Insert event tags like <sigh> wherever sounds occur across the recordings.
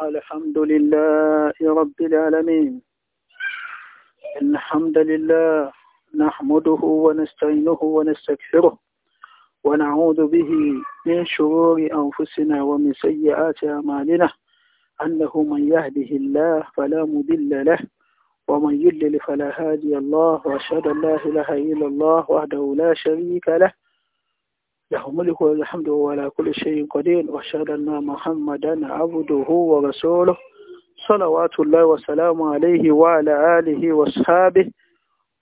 الحمد لله رب العالمين إن الحمد لله نحمده ونستعينه ونستغفره ونعوذ به من شرور أنفسنا ومن سيئات أعمالنا أنه من يهده الله فلا مضل له ومن يضلل فلا هادي الله وأشهد أن لا إله إلا الله وحده لا شريك له له ملك والحمد على كل شيء قدير وأشهد أن محمدا عبده ورسوله صلوات الله وسلامه عليه وعلى آله وأصحابه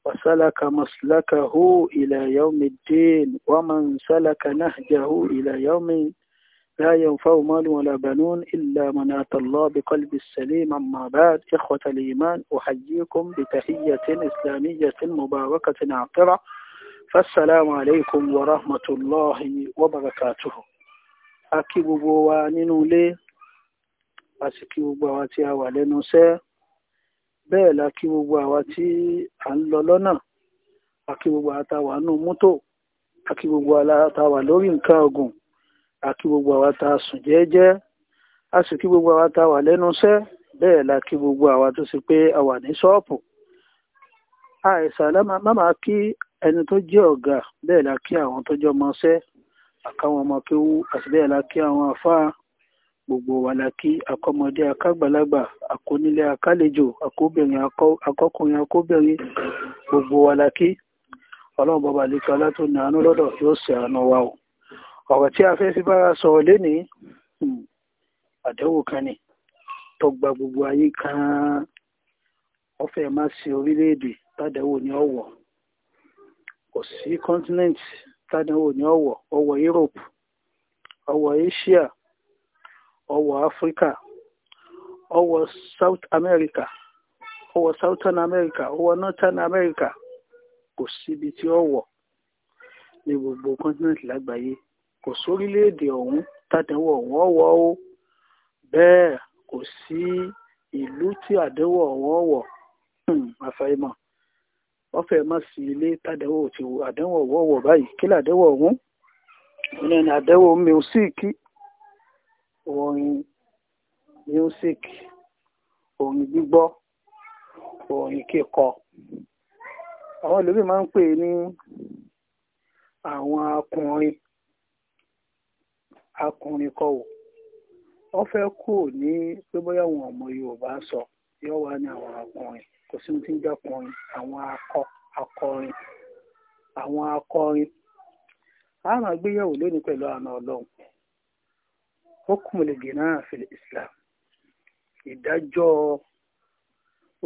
وسلك مسلكه إلى يوم الدين ومن سلك نهجه إلى يوم لا ينفع مال ولا بنون إلا من أتى الله بقلب السليم أما بعد إخوة الإيمان أحييكم بتحية إسلامية مباركة عطرة fàṣàlámù alaykum wa rahmatulahi wa barakatuhu a kí gbogbo wa nínú ilé a sì kí gbogbo àwa tí a wà lẹ́nu iṣẹ́ bẹ́ẹ̀ la kí gbogbo àwa tí a ń lọ lọ́nà a kí gbogbo àwa tá a wà nù mọ́tò a kí gbogbo àwa tá a wà lórí nǹkan ọ̀gùn a kí gbogbo àwa tá a sùn jẹ́ẹ́jẹ́ a sì kí gbogbo àwa tá a wà lẹ́nu iṣẹ́ bẹ́ẹ̀ la kí gbogbo àwa tó ṣe pé a wà ní ṣọ́ọ̀pù àìsàn má máa kí ẹni tó jẹ́ ọ̀gá bẹ́ẹ̀ la kí àwọn tó jọ mọṣẹ́ àkáwọn ọmọ kéwú àti bẹ́ẹ̀ la kí àwọn afáà gbogbo wa la kí akọ́mọdé akágbàlagbà akónílé akálejò akóbìnrin akọ́kùnrin akóbìnrin gbogbo wa la kí ọlọ́run bọ́ba àlejò alátó àánú lọ́dọ̀ yóò ṣe àánú wa o ọ̀rọ̀ tí a fẹ́ fi bára sọ̀rọ̀ lénìí hmm, àdánwò kan ni tó gba gbogbo ayé kan ó fẹ́ má ṣe orílẹ̀-èdè tádẹ́wò ní ọ̀wọ̀ kò sí continent tádánwò ní ọ̀wọ̀ ọ̀wọ̀ Europe ọ̀wọ̀ Asia ọ̀wọ̀ Africa ọ̀wọ̀ South America ọ̀wọ̀ Southern America ọ̀wọ̀ Northern America kò síbi tí ọ̀wọ̀ ní gbogbo continent lágbàáyé kò sórílẹ̀-èdè ọ̀hún tádánwò ọ̀hún ọ̀wọ̀ o bẹ́ẹ̀ kò sí ìlú tí àdánwò ọ̀hún ọ̀wọ̀ hmm, àfàìmọ̀ wọ́n fẹ́ mọ́ sí ilé tàdánwò ti wò àdánwò wọ́wọ́ báyìí kí làdánwò ọ̀hún ní ẹni àdánwò mìúsíìkì orin mìúsíìkì orin gbígbọ́ orin kíkọ àwọn ẹlòmíì máa ń pè ní àwọn akùnrin akùnrin kọ wò wọ́n fẹ́ kúrò ní pé bóyá àwọn ọmọ Yorùbá sọ yóò wá ní àwọn akùnrin kò sí ohun tí ń jẹ́ ọkùnrin àwọn akọ akọrin àwọn akọrin àrùn àgbéyẹ̀wò lónìí pẹ̀lú àna ọlọ́run hukmul gina fil islam ìdájọ́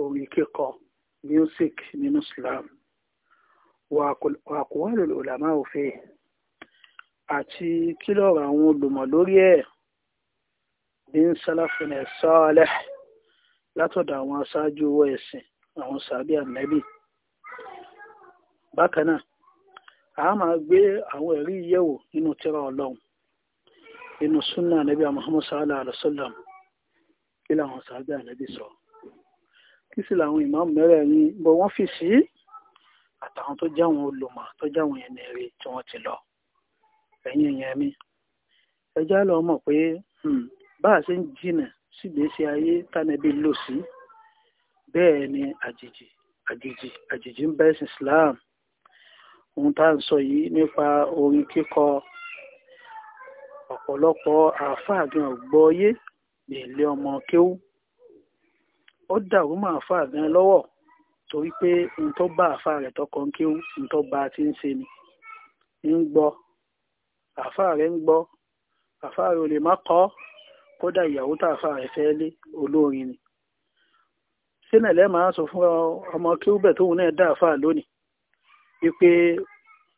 orin kíkọ music nínú islam wàkùwálò ulama òfin àti kílọ̀rọ̀ àwọn olùmọ̀ lórí ẹ̀ bí ń sálàfin ẹ̀ sọ́ọ́lẹ̀ látọ̀dọ̀ àwọn aṣáájú owó ẹ̀sìn àwọn sàbí ànábì bákan náà a máa gbé àwọn ẹ̀rí yẹ̀wò nínú tírà ọlọ́run nínú súnà ànábì Muhammad sallallahu alaihi wasallam kí làwọn sàbí ànábì sọ kí sì làwọn ìmáàmù mẹ́rẹ̀ẹ̀rin bọ́ wọ́n fi sí àtàwọn tó jáwọn olùmọ̀ tó jáwọn ẹni rí tí wọ́n ti lọ ẹ̀yìn èèyàn mi ẹjá lọ mọ̀ pé hmm, bá a ṣe ń jìnà sígbésí ayé tánẹbí lò sí bẹ́ẹ̀ ni àjèjì àjèjì àjèjì ń bẹ́ sí Islam ohun tá à ń sọ yìí nípa orin kíkọ ọ̀pọ̀lọpọ̀ àáfàá gan gbọ́yé ní ilé ọmọ kéwú ó dàrú mọ́ àáfàá gan lọ́wọ́ torí pé n tó bá àáfàá rẹ̀ tọkọ ń kéwú n tó bá a ti ń ṣe ni ń gbọ́ àáfàá rẹ̀ ń gbọ́ àáfàá rẹ̀ ò lè má kọ́ kódà ìyàwó tààfàá rẹ̀ fẹ́ lé olórin ni sínú ẹ̀lẹ́ máa sọ fún ọmọ kíúbẹ̀ tóun náà dá àfáà lónìí wípé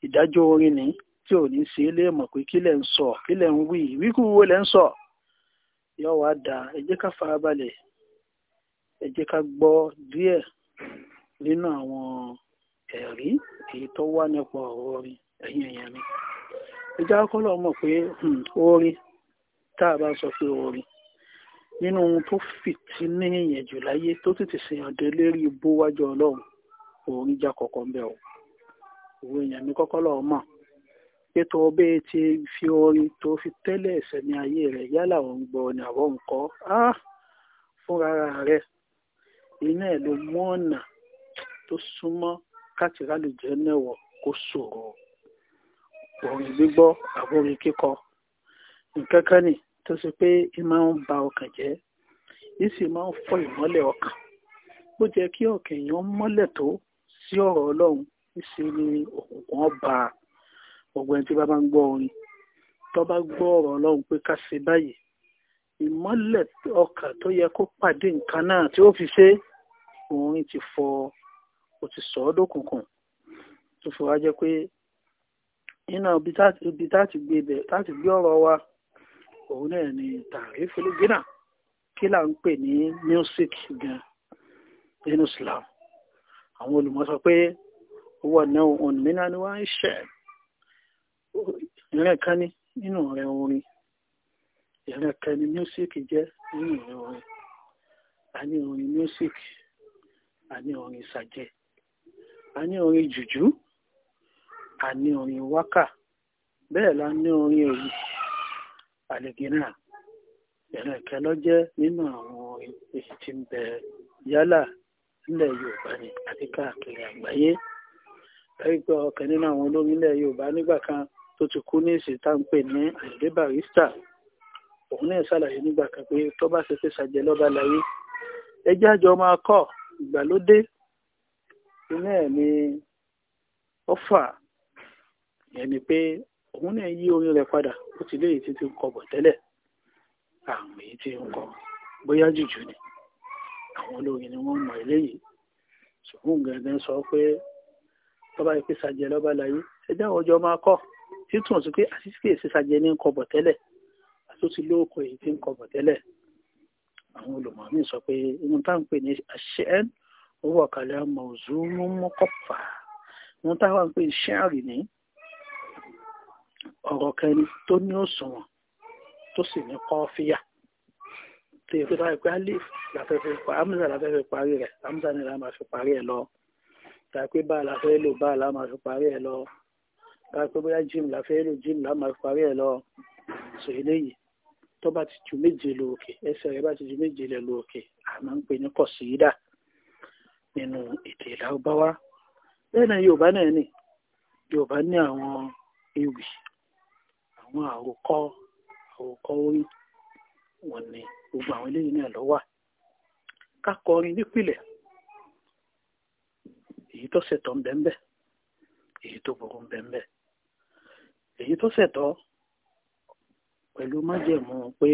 ìdájọ́ orin ni tí ò ní ṣe é lè mọ̀ pé kílẹ̀ ń sọ kílẹ̀ ń wí wíkú wo lẹ̀ ń sọ yọ wá da ẹ jẹ́ ká farabalẹ̀ ẹ jẹ́ ká gbọ́ díẹ̀ nínú àwọn ẹ̀rí èyí tó wà nípa ọ̀rọ̀ orin ẹ̀yìn ẹ̀yàn mi ẹ jẹ́ ká pé hmm, orin tá a bá sọ pé orin nínú ohun tó fìtí ní èèyàn jù láyé tó tètè ṣèyàn dé lérí ibú wájú ọlọ́run òun já kọ̀ọ̀kan ń bẹ̀ o òun èèyàn mi kọ́kọ́ lọ́ọ́ mọ̀ pé tó ti fi orin tó fi tẹ́lẹ̀ ẹ̀sẹ̀ ní ayé rẹ̀ yálà òun gbọ́ ni àwọn nǹkan á fúnra rẹ̀ iná ẹ̀ ló mú ọ̀nà tó súnmọ́ kátìrálù jẹ́ nẹ̀wọ̀ kó ṣòro orin gbígbọ́ àbórin kíkọ nǹkan kan nìyí tó ṣe pé ẹ máa ń ba ọkàn jẹ́ yìí sì máa ń fọ ìmọ́lẹ̀ ọkàn bó jẹ́ kí ọkàn èèyàn mọ́lẹ̀ tó sí ọ̀rọ̀ ọlọ́run ìṣe ni òkùnkùn ọba ọ̀gbẹ́ni tí bá máa ń gbọ́ orin tó bá gbọ́ ọ̀rọ̀ ọlọ́run pé ká ṣe báyìí ìmọ́lẹ̀ ọkàn tó yẹ kó pàdé nǹkan náà tí ó fi ṣe orin ti fọ ó ti sọ ọ́ dókùnkùn tó fi wá jẹ́ pé nínú ibi tá gbé ọ̀rọ̀ wa òun náà ni tàrífìlì gínà kí là ń pè ní music gan nínú àwọn olùmọ̀ pé owó ọ̀nà òun mìíràn ni wọ́n ń nínú rẹ̀ orin ìrìn kan music jẹ́ nínú orin a ní orin music a ní orin sàjẹ́ a ní orin jùjú a ní orin wákà àlìgínà ẹ̀rẹ̀kẹ́ jẹ́ nínú àwọn èsì tí ń bẹ yálà nílẹ̀ yorùbá ni àti káàkiri àgbáyé ẹgbẹ ọkàn nínú àwọn olórin ilẹ̀ yorùbá nígbà kan tó ti kú ní ìsìn ń ní barista òun náà ṣàlàyé nígbà kan pé ṣe lọ́ba láyé ẹjẹ́ àjọ máa kọ́ ìgbàlódé ẹ̀ ni ni pé ó ti léyìí títí ń kọ bọ̀ tẹ́lẹ̀ àmì tí ń kọ bóyá jùjú ni àwọn olórin ni wọ́n mọ eléyìí ṣùgbọ́n gẹ̀ẹ́gẹ́ sọ pé lọ́ba yìí sàjẹ́ lọ́ba láyé ẹjẹ́ àwọn ọjọ́ máa kọ́ títún sí pé àṣìṣe èsì sàjẹ́ ní ń bọ̀ tẹ́lẹ̀ àtó lóòkọ èyí tí ń bọ̀ tẹ́lẹ̀ àwọn olùmọ̀ sọ pé ohun táwọn pè ní àṣẹ owó ọ̀kàlẹ̀ mọ̀ọ́zùmọ́kọ̀fà ohun táwọn pè ní ṣẹ́ẹ̀rì ní ọ̀rọ̀ kan ni tó ní òṣùwọ̀n tó sì ní kọ́fíà tó yẹ pé báyìí pé alif láfẹ́fẹ́ pa amúzà láfẹ́fẹ́ parí rẹ̀ amúzà ni láà máa fi parí ẹ̀ lọ tàbí pé báà láfẹ́ lò báà láà fi parí ẹ̀ lọ tàbí bóyá jim láfẹ́ lò jim láà máa fi parí ẹ̀ lọ sọ eléyìí tó bá ti ju méje lọ òkè ẹsẹ̀ rẹ̀ bá ti ju méje lọ òkè àmọ́ ń pè ní kọ̀sídà nínú èdè Lárúbáwá bẹ́ẹ̀ náà Yorùbá náà ni Yorùbá ní àwọn ewì ṣùgbọ́n àwòkọ́ àwòkọ́ orí wọn ni gbogbo àwọn eléyìí náà ló wà kákọrin nípìnlẹ̀ èyí tó ṣẹ̀tọ́ ń bẹ́ńbẹ́ èyí tó burú ń bẹ́ńbẹ́ èyí tó ṣẹ̀tọ́ pẹ̀lú májẹ̀mú pé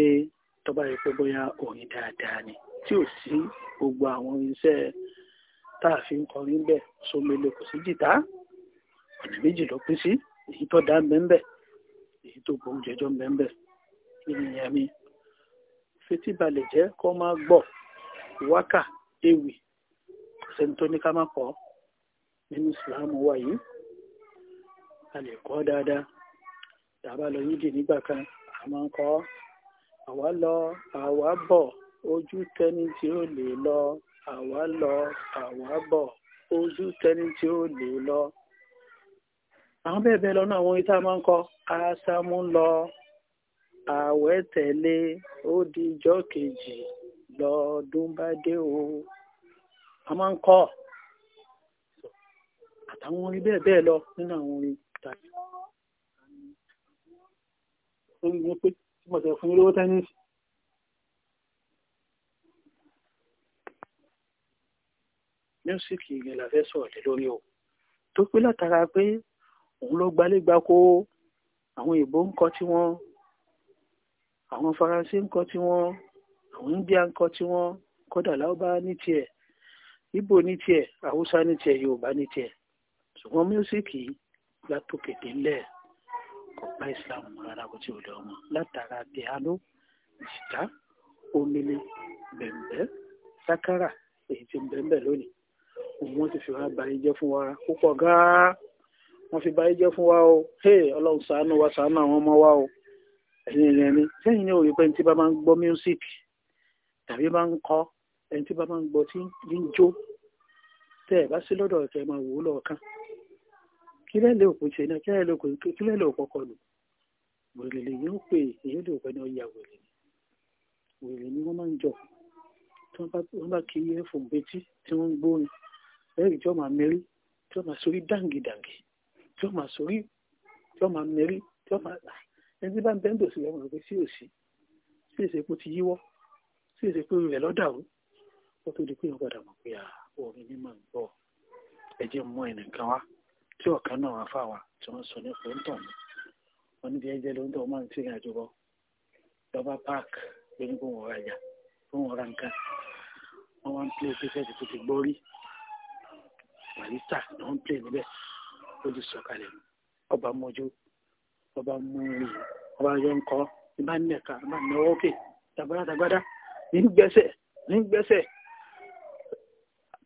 tó bá pé bóyá orin dáadáa ni tí ò sí gbogbo àwọn tá a fi ń kọrin bẹ́ẹ̀ èyí tó gbóhùn jẹjọ mẹ́mbẹ́ ènìyàn mi fetí balẹ̀ jẹ́ kó máa gbọ́ wákà ewì sẹ́ńtọ́ ní ká má kọ́ nínú ìsìlámù wa yìí a lè kọ́ dáadáa tàbá lọ yídì nígbà kan àmọ́ ń kọ́ àwa lọ àwa bọ̀ ojú tẹni tí ó lè lọ àwa lọ àwa bọ̀ ojú tẹni tí ó lè lọ àwọn bẹ́ẹ̀ bẹ́ẹ̀ lọ́nà àwọn ohun tá a máa ń kọ́ Asamu lọ ààwẹ̀ tẹ̀lé ó di ijọ́ kejì lọ́ọ́dún bá dé o a máa ń kọ́ àtàwọn orin bẹ́ẹ̀ bẹ́ẹ̀ lọ nínú àwọn orin tàbí orí ni pé tí mo tẹ̀ fún yín lówó tẹ́nísì mísíkì yẹn la fẹ́ sọ̀rọ̀ lórí o tó pé látara pé òun ló gbalé gbáko àwọn ìbò ń kọ tiwọn àwọn faransé ń kọ tiwọn àwọn india ń kọ tiwọn kódà láwùbá ní tiẹ̀ ibo ní tiẹ̀ haúsá ní tiẹ̀ yorùbá ní tiẹ̀ ṣùgbọ́n mísíkì látòkèdè ńlẹ̀ kò bá islam rárá kò tí ò lè ọmọ látara piano jìtá onílé bẹ̀m̀bẹ̀ sákárà èyí tí ń bẹ̀m̀bẹ̀ lónìí òun ti fi wá ba ẹjẹ́ fún wa púpọ̀ gan wọ́n fi báyé jẹ́ fún wa o hey ọlọ́run ṣàánú wa ṣàánú àwọn ọmọ wa o ẹ̀yin ìyẹn ni sẹ́yìn ní òye pé ẹni bá máa ń gbọ́ music tàbí máa ń kọ́ ẹni tí bá máa ń gbọ́ tí ń jó tẹ́ ẹ̀ bá sí lọ́dọ̀ ẹ̀kẹ́ máa wò ó lọ́ọ̀kan kí lẹ́lẹ́ òkú ṣe náà kí lẹ́lẹ́ òkú kí lẹ́lẹ́ òkú kọ lù wèrè lèyìn ń pè èyí lè pẹ́ ní ọya wèrè ni wèrè ni wọ́n máa ń jọ tí wọ́n bá kí iye fòǹbẹ́tì tí wọ́n ń gbórin lẹ́yìn tí ó máa sórí tí ó máa mẹ́rí tí ó máa ah, ẹni tí bá ń bẹ́ńdò sí ọmọ rẹ̀ sí òsì sí èsè kó ti yíwọ́ sí èsè pé rẹ̀ lọ́dà ó ó tó di pé ó padà mọ̀ pé orin ní máa ń gbọ́ ẹjẹ́ mú ẹnìkan wá tí ọ̀kan náà wá fáwa tí wọ́n sọ nípa ń tàn mí wọn níbi ẹjẹ́ ló ń tàn máa ń tìrìn àjò bọ́ lọ́ba park lóní kó wọ́n rajà kó wọ́n ra nǹkan wọ́n wá ń pè é pé fẹ́ẹ́ ti gbọ́ rí barista ni wọ́n ń pè níbẹ̀ ojú sọ̀kalẹ̀ ọba mojú ọba múri ọba yọǹkọ ìbá nẹka ìbá nẹwọ òkè tàgbádàgbádá ní gbẹsẹ ní gbẹsẹ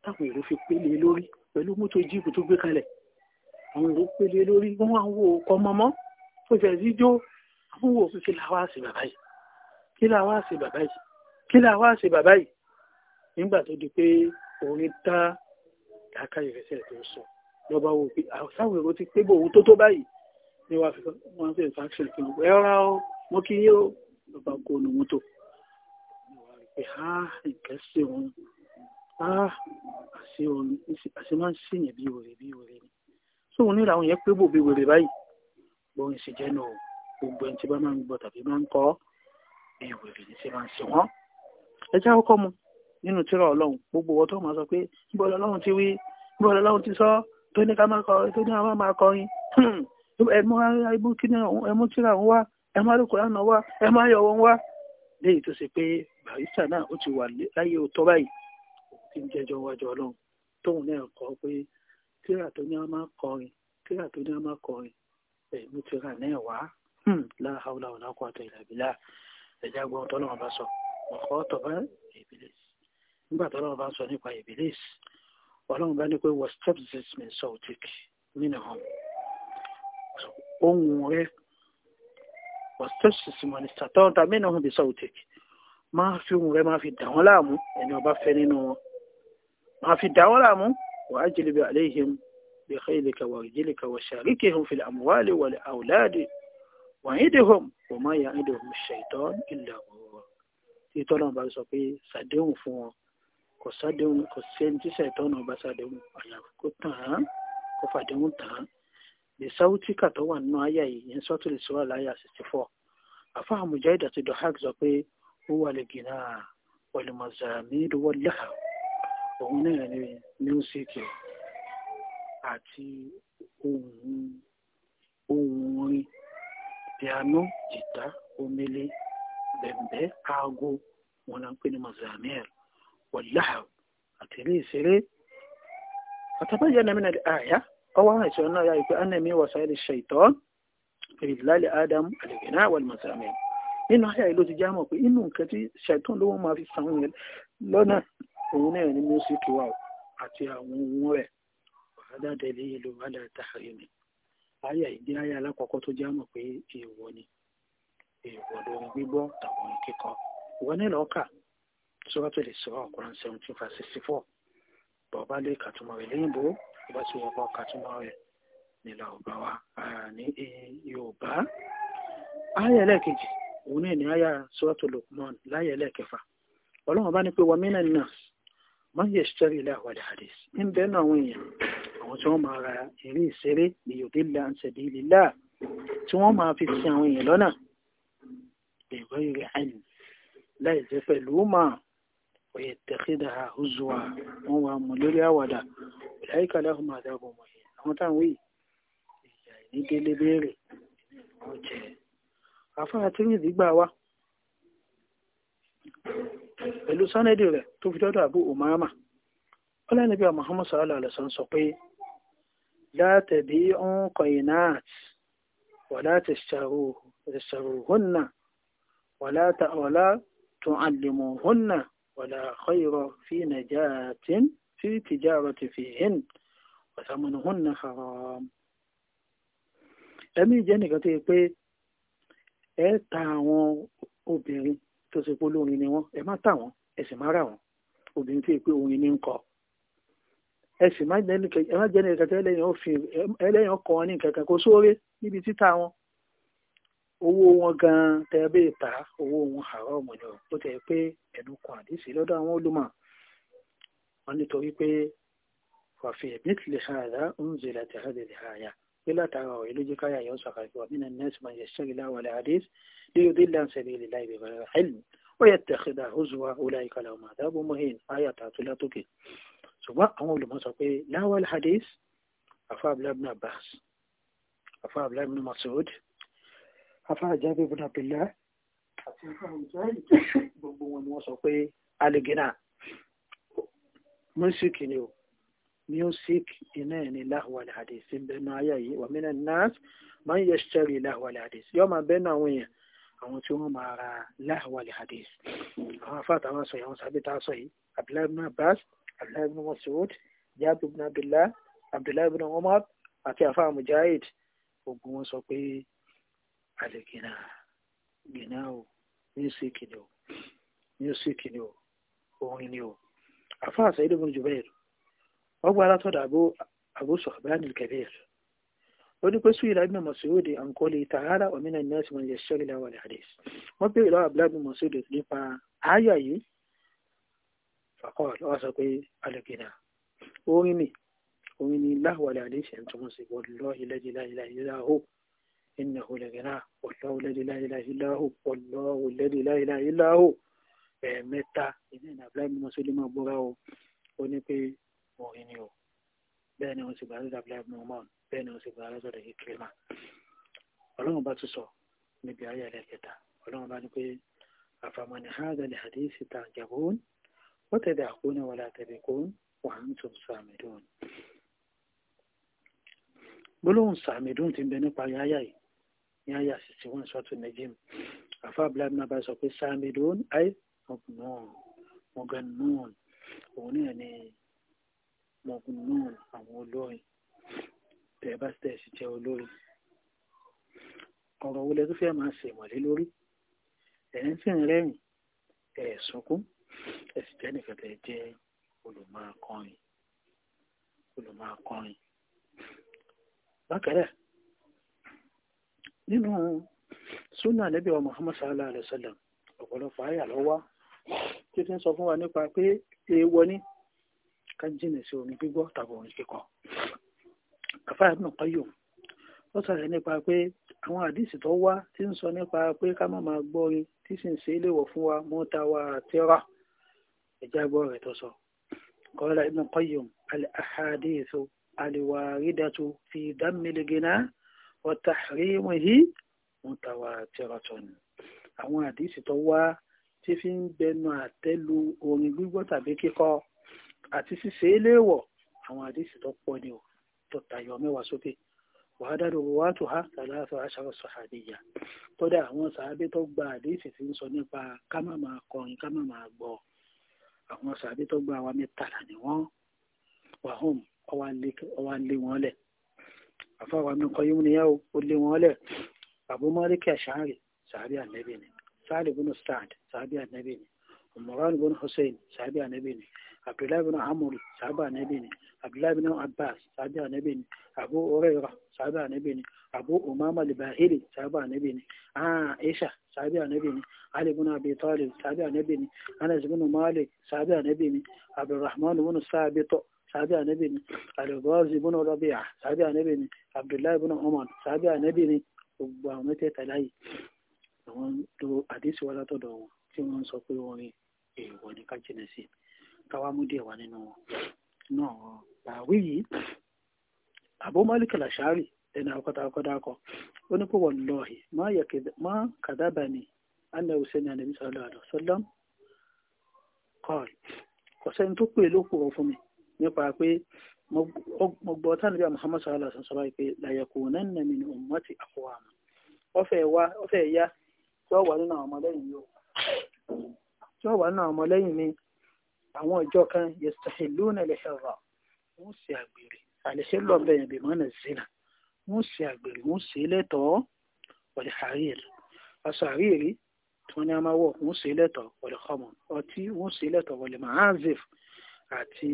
táwọn èrò fi pélé e lórí pẹ̀lú mọ́tò jíìpù tó gbé kalẹ̀ àwọn èrò pélé e lórí wọn wá ń wo ọkọ mọmọ ó fẹ́ sí jó àwọn wo kí làwọn àṣì bàbá yìí kí làwọn àṣì bàbá yìí kí làwọn àṣì bàbá yìí nígbà tó di pé orin tá làákàyè rẹ̀ tó sọ lọ́ba wo pé sáwọn èrò ti pé bò ó tó tó báyìí ní wàá fi wọ́n ṣe infarction fún un ẹ rárá o wọ́n kí yín o lọ́ba kó o nùmú tó pé ha nǹkan wọn ha máa ń ṣèyàn bí wèrè bí wèrè ni tó wọn nílò àwọn yẹn pé bò bí wèrè báyìí bóun ṣe jẹ́ nù gbogbo ẹni tí bá máa ń gbọ́ tàbí máa ń kọ́ bí wèrè ni ṣe máa ń ṣe wọ́n ẹ já kọ́kọ́ mu nínú tírà ọlọ́run gbogbo ọ̀tọ́ tó ní ká máa kọ tó ní àwọn máa kọrin hmm. ẹmú ẹmú kíní ẹmú tíra ń wá ẹmú alukóra náà wá ẹmú ayọ̀wọ̀ ń wá léyìí tó ṣe pé barista náà ó ti wà láyé òótọ́ báyìí tí ń jẹjọ́ wájú ọlọ́run tóun náà kọ pé tíra tó ní àwọn máa kọrin tíra tó ní àwọn máa kọrin ẹmú tíra náà wá láhàúlà ọ̀nà kó àtọ̀ ìlàbílà ẹ̀já gbọ́n tọ́lọ́wọ́n bá sọ ọ̀kọ́ tọ́ bá ìbílẹ̀ nígbà tọ́lọ́wọ́n bá sọ nípa ìbílẹ̀ ọlọ́run bá ní pé wọ́n step this mean celtic nínú hàn ohun rẹ wọ́n step this mean sàtọ́ta mínú hàn bí celtic máa fi ohun rẹ máa fi dà wọ́n láàmú ẹni ọba fẹ́ nínú wọn máa fi dà wọ́n láàmú wọ́n á jẹ́lẹ̀ bí aléhìm bí xeyìlìkà wà jẹ́lìkà wà sàríkì hàn fìlà àmúwálé wà lè àwòláàdì wà ń yíde hàn wọ́n máa yà ń yíde hàn ṣètọ́ ìlà òwò bá sọ pé sàdéhùn fún wọn kò sádéhùn kò sẹ́ni tí sẹ̀tọ́nù ọba sádéhùn àyàfi kó tàn án kó fàdéhùn tàn án lè sáwùtì kàtọ́ wà nínú àyà yìí yẹn sọ́tò lè sọ́wọ́ láyà sixty four àfa àmùjá ìdàtí dohak sọ pé ó wà lè gìnà wọlùmọ̀zàmídù wọléhà òun náà ní mísíkì àti ohun ohun orin piano jìtá omele bẹ̀m̀bẹ̀ aago wọn là ń pè ní mọ̀zàmíẹ̀lì wọ̀láhà àti ilé ìṣeré àtàbáyé nàmínà àyà ọwọ́ àwọn ìṣòro náà yá ìpé anami wasaili shaitan ìrìlálẹ̀ adam alìgbìnà wàlùmọ̀sàmì nínú àyà ìlú ti já mọ̀ pé inú nǹkan tí shaitan ló wọ́n máa fi sàn yẹn lọ́nà òun náà ní mọ́síkì wa àti àwọn ohun rẹ̀ wàhálà tẹ̀lé ìlú wàhálà tààrí mi àyà ìdí àyà alákọ̀ọ́kọ́ tó já mọ̀ pé èèwọ̀ ni èèwọ̀ lórí gbígbọ́ tàwọn kíkọ ìwọ nílò ọkà Suratul Isra Quran seventeen verse sixty four bọ̀ọ̀bá lè kàtúmọ̀ rẹ̀ lẹ́yìn bó bá ti wọ́pọ̀ kàtúmọ̀ rẹ̀ nílẹ̀ ọ̀gbà wa ní e, Yorùbá. Ayé ẹlẹ́ẹ̀kejì òun náà ní ayá Suratul Luqman láyé ẹlẹ́ẹ̀kẹfà ọlọ́run bá ní pé wọ́n mìíràn náà man yashtari lahwa al-hadith ń bẹ́ẹ̀ náà àwọn èèyàn àwọn tí wọ́n máa ra eré ìṣeré ní yudilla an sabilillah tí wọ́n máa fi ti àwọn èèyàn lọ́nà bi ghayri ilm láì jẹ́ pẹ̀lú máa ويتخذها هزوا wọ́n wà mọ̀ lórí àwàdà ìlàíkà lẹ́hùn àdábò wọ̀nyí àwọn táwọn yìí ìyà ìnídélé béèrè wọ́n jẹ́ àfáà tí rìn dígbà wá pẹ̀lú sánẹ́dì rẹ̀ tó fi dọ́dọ̀ àbú umama ó lẹ́nu bí Muhammad sallallahu alaihi wasallam sọ pé látẹ̀bí ń kọ̀yìnáàt wà láti ṣàrùhùn náà wà látàlẹ́mùhùn náà ولا خير في نجاة في تجارة فيهن وثمنهن حرام ẹ̀mí jẹ́ nìkan tó yẹ pé ẹ ta àwọn obìnrin tó ṣe pé olórin ni wọ́n ẹ má ta wọ́n ẹ sì má rà wọ́n obìnrin tó yẹ pé orin ni ń kọ ẹ sì má jẹ́ nìkan tẹ́lẹ̀ ẹlẹ́yìn ọkọ̀ wọn ní nǹkan kan kó sóore níbi títà wọn owó wọn gan tẹ́ẹ̀bẹ́ ìta owó wọn haram ni ó bó tẹ́ pé ẹnu kan àdísì lọ́dọ̀ àwọn olùmọ̀ wọn nítorí pé wàfi mithli hadha unzilat hadhihi al-aya pé látara ọ̀rẹ́ ló jẹ́ káyà yọ sàkàkọ́ minan nas man yashtaghilu ala al-hadith liyudilla an sabilillahi bighayri ilm wa yattakhidha huzwa ulaika lahum adhabun muhin àyà tààtú látòkè ṣùgbọ́n àwọn olùmọ̀ sọ pé láwàl hadith afa abdullahi ibn abbas afa abdullahi ibn mas'ud afá àjábẹ́ ibùdó àbẹ̀lá àti ìfọ̀n ìsírẹ́lì gbogbo wọn ni wọ́n sọ pé alìgínà mọ́síkì ni o music iná ẹni láhùwàlì àdìsí bẹnu ayé yìí wà mí náà máa ń yẹ ṣẹ́rì láhùwàlì àdìsí yọ́ máa bẹ́nu àwọn èèyàn àwọn tí wọ́n máa ra láhùwàlì àdìsí àwọn afáàtà wọn sọ yìí àwọn sábẹ́ tá a sọ yìí abdullahi ibn abbas abdullahi ibn masoud jaabu ibn abdullah abdullahi ibn umar àti afáà mujahid gbogbo wọn sọ pé àlèkìnà gbìnà o mísíkì ni o mísíkì ni o orin ni o àfáà Sa'id ibn Jubair wọ́n gba alátọ́dà Abu Suhban al-Kabir ó ní pé su'ila ibn Mas'ud an qawli ta'ala wa mina an-nasi man yashtaril lahwa al-hadith wọ́n bèèrè lọ́wọ́ Abdullah ibn Mas'ud nípa àyà yìí faqala wọ́n sọ pé àlèkìnà orin ni orin ni lahwa hadith ṣe ń túmọ̀ sí wallahi la ilaha illa huwa إنه لغنى والله الذي لا إله إلا هو والله الذي لا إله إلا هو ẹ̀ẹ̀mẹ́ta ìdí ìnà abdullahi bin masoud máa búra o ó ní pé orin ni o bẹ́ẹ̀ ni wọ́n sì gbà lọ́dọ̀ abdullahi bin umar bẹ́ẹ̀ ni wọ́n sì gbà lọ́dọ̀ ikrima ọlọ́run bá tún sọ níbi ayé ẹlẹ́kẹta ọlọ́run bá ní pé àfàmọ́ni hàdà lè hadisi ta jabon wọ́n tẹ̀lé àkóónì wọlé àtẹ̀bẹ̀kún wà ń tún sàmìdún gbólóhùn sàmìdún ti bẹ nípa ayé ayé yìí ní àyà sixty one sọ́tù nẹ́jìm afa abdullahi bin abbas sọ pé sami don ai mọ̀gùnún mọ̀gànún òun náà ni mọ̀gùnún àwọn olórin tẹ̀bá stẹ̀sì jẹ́ olórin ọ̀rọ̀ wọlé tó fẹ́ máa ṣe ìmọ̀lé lórí ẹ̀yìn tí ń rẹ́rìn ẹ̀ sunkún ẹ̀sì jẹ́ nìkan tẹ̀ jẹ́ olùmọ̀ akọrin olùmọ̀ akọrin bákan nínú súnà níbi wa Muhammad sallallahu alayhi wa sallam ọ̀pọ̀lọpọ̀ ayà lọ́wọ́ tí ti ń sọ fún wa nípa pé èèwọ̀ ni ká jìnà sí orin gbígbọ́ tàbí orin kíkọ kàfá Ibn Qayyum ó sọ̀rọ̀ nípa pé àwọn àdìsí tó wá tí ń sọ nípa pé ká má máa gbọ́rin tí sì ń ṣe é léwọ̀ fún wa mọ́ta wa àtẹ́rà ẹ̀já gbọ́ rẹ̀ tó sọ qala Ibn Qayyum al-ahadithu al-waridatu fi dammil ghina wa tahrimihi mutawatiratun àwọn àdìsí tó wá tí fi ń bẹnu àtẹ́lu orin gbígbọ́ tàbí kíkọ àti ṣíṣe é léèwọ̀ àwọn àdìsí tó pọ̀ ni ò tó tayọ mẹ́wàá sókè wàá dádò wàá tó há tàlàfà aṣáwọ̀ sọ̀hàdìyà kódà àwọn sàábé tó gba àdìsí ti ń sọ nípa ká má máa kọrin ká máa gbọ́ àwọn sàábé tó gba wa mẹ́tàlá ni wọ́n wàhùn ọwá lé wọn lẹ̀ afáwa mi kọ yín níyàwó ó lé wọn lẹ̀ Abu Malik Ash'ari sàábì ànẹ́bì ni sáàlì bùnú Sa'd sàábì ànẹ́bì ni Umran bùnú Hussein sàábì ànẹ́bì ni Abdullahi bùnú Amuru sàábì ànẹ́bì ni Abdullahi bùnú Abbas sàábì ànẹ́bì ni Abu Hurairah sàábì ànẹ́bì ni Abu Umama al-Bahili sàábì ànẹ́bì ni Aisha sàábì ànẹ́bì ni Ali bin Abi Talib sàábì ànẹ́bì ni Anas bin Malik sàábì ànẹ́bì ni Abdurrahman bin Sabit sàbí ànábì ni àdùgbọ́ọ̀rù ibùn rọ́bìà sàbí ànábì ni abdullahi ibùn umar sàbí ànábì ni gbogbo àwọn mẹ́tẹ̀ẹ̀ta láyìí àwọn lo àdísì wa látọ̀dọ̀ wọn tí wọ́n sọ pé wọ́n rí èèwọ̀ ní kájínà sí káwá mú díẹ̀ wá nínú wọn náà làwí yìí Abu Malik al-Ash'ari ẹni akọ́dákọ́dákọ́ ó ní pé wallahi má kàdábà ni anna hussein anabi sallallahu alaihi wasallam kọ́ọ̀lù kọ̀sẹ́ni tó pè lókùrọ̀ fún mi nípa pé mo gbọ́ tánàbí Muhammad sallallahu alaihi wasallam pé la yakunanna min ummati aqwam ọ̀fẹ́ ya tí ó wà nínú àwọn ọmọlẹ́yìn mi tí ó wà nínú àwọn ọmọlẹ́yìn mi àwọn ìjọ kan yastahilluna al-hirra wọ́n sì àgbèrè àlẹ́ṣẹ́ lọ́bẹ̀yìn bímọ náà zina wọ́n sì àgbèrè wọ́n sì lẹ́tọ̀ọ́ wal harir aṣọ àríyèrí tí wọ́n ní a máa wọ̀ wọ́n sì lẹ́tọ̀ọ́ wal khamr ọtí wọ́n sì lẹ́tọ̀ọ́ wal ma'azif àti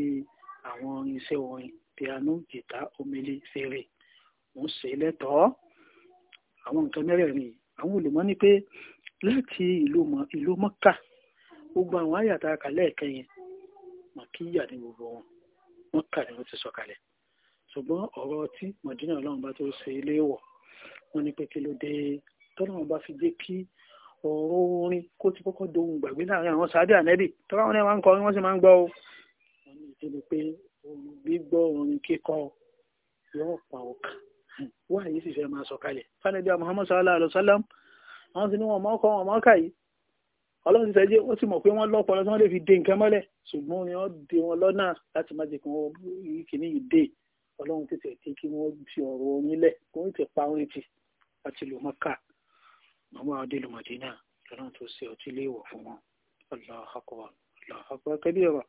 àwọn iṣẹ́ orin piano jìtá omele fèrè wọ́n ṣe lẹ́tọ̀ọ́ àwọn nǹkan mẹ́rẹ̀ẹ̀rin àwọn olùmọ̀ ní pé láti ìlú mọ́kà gbogbo àwọn àyàtà kalẹ̀ ẹ̀kẹ́ yẹn màkíyà ní gbogbo wọn mọ́kà ni wọ́n ti sọ kalẹ̀ ṣùgbọ́n ọ̀rọ̀ tí mọ̀dínà ọlọ́run bá tó ṣe léèwọ̀ wọ́n ní pé kí ló dé tọ́lọ́run bá fi dé kí ọ̀rọ̀ orin kó ti kọ́kọ́ dohun gbàgbé láàrin àwọn sàádé ànẹ́bì tọ́lọ́run náà máa ń kọrin wọ́n sì máa ń gbọ́ o débi pé gbígbọ́ orin kíkọ yóò pa ọkàn wọ́n àyè sì fẹ́ máa sọ kalẹ̀ fanabi muhammad sallallahu alayhi wa sallam wọ́n ti ní wọn mọ́kọ́ wọn mọ́kà yìí ọlọ́run ti sẹ́jẹ́ ó sì mọ̀ pé wọ́n lọ́pọ̀ lọ́sọ́ lè fi dé nǹkan mọ́lẹ̀ ṣùgbọ́n ni wọ́n dé wọn lọ́nà láti má jẹ́ kí wọ́n yí kìíní yìí dé ọlọ́run tètè dé kí wọ́n fi ọ̀rọ̀ orin lẹ̀ kí wọ́n ti pa orin tì láti lò mọ́kà àwọn adélùmọ̀dé náà lọ́nà tó ṣe ọtí léèwọ̀ fún wọn ọlọ́ọ̀hàkọ́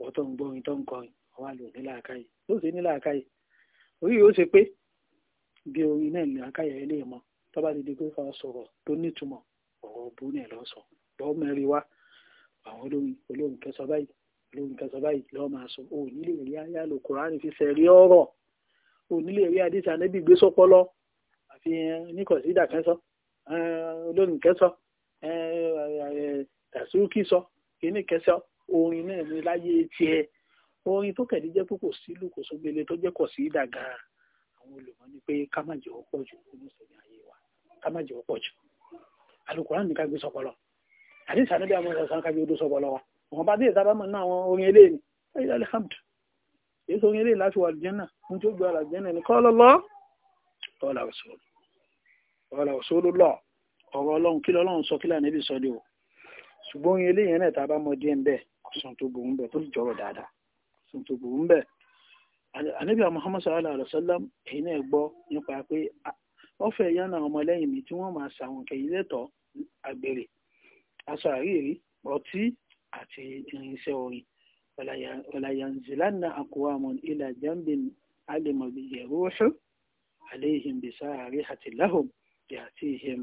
wọ́n tó ń gbọ́rin tó ń kọrin ọwọ́ àlè òní làákàyè yóò ṣe ní làákàyè orí yóò ṣe pé bí orí náà ní làákàyè ẹ lè mọ tó bá ti di pé fa sọ̀rọ̀ tó nítumọ̀ ọ̀rọ̀ bú náà lọ sọ lọ́ọ́ mẹ́rin wá àwọn olórin olórin kẹsọ báyìí olórin kẹsọ báyìí lọ́ọ́ máa sọ ò nílé rí ayá lò kùránì fi sẹ̀rí ọ̀rọ̀ ò nílé rí àdìsí ànábì gbé sọpọlọ àfihàn níkọ̀sídà kẹsọ olórin kẹsọ tàṣíwìkì sọ kíní kẹsọ orin náà ní láyé tiẹ̀ orin tó kẹ̀lé jẹ́ pé kò sílù kò sóbele tó jẹ́ kọ̀ sí ìdàgà àwọn olùmọ̀ ni pé ká má jẹ́ ọ̀pọ̀ jù nínú ìsẹ̀mí ayé wa ká má jẹ́ ọ̀pọ̀ jù alukóran ní ká gbé sọpọlọ àdìsí àníbí àwọn ọ̀sán ká gbé odó sọpọlọ wa wọn bá dé ìsábàmọ̀ náà àwọn orin eléyìí ayé alhamdu èyí tó orin eléyìí láti wà lùjẹ́nà ní tó gbé alàjẹ́nà ní kọ́ lọ́lọ́ ọ̀là òṣòlù ọ̀là òṣòlù lọ ọ̀rọ̀ ọlọ́run kí lọ́lọ́run sọ kí lànà ibi sọ ọ̀sán tó burú bẹ́ẹ̀ tó sì jọrọ̀ dáadáa ọ̀sán tó burú bẹ́ẹ̀ anabi muhammad sallallahu alaihi wa sallam èyí náà gbọ́ nípa pé wọ́n fẹ́ yánn náà ọmọlẹ́yìn mi tí wọ́n máa ṣàwọn kẹyìn lẹ́tọ̀ọ́ àgbèrè aṣọ àríyèrí ọtí àti irinṣẹ́ orin ọ̀làyànzìlánà àkùwàmọ̀ ilà jambin alimobi yẹ̀rọ̀ṣù àléhìn bisáàrí àti láhùn yàtìhìn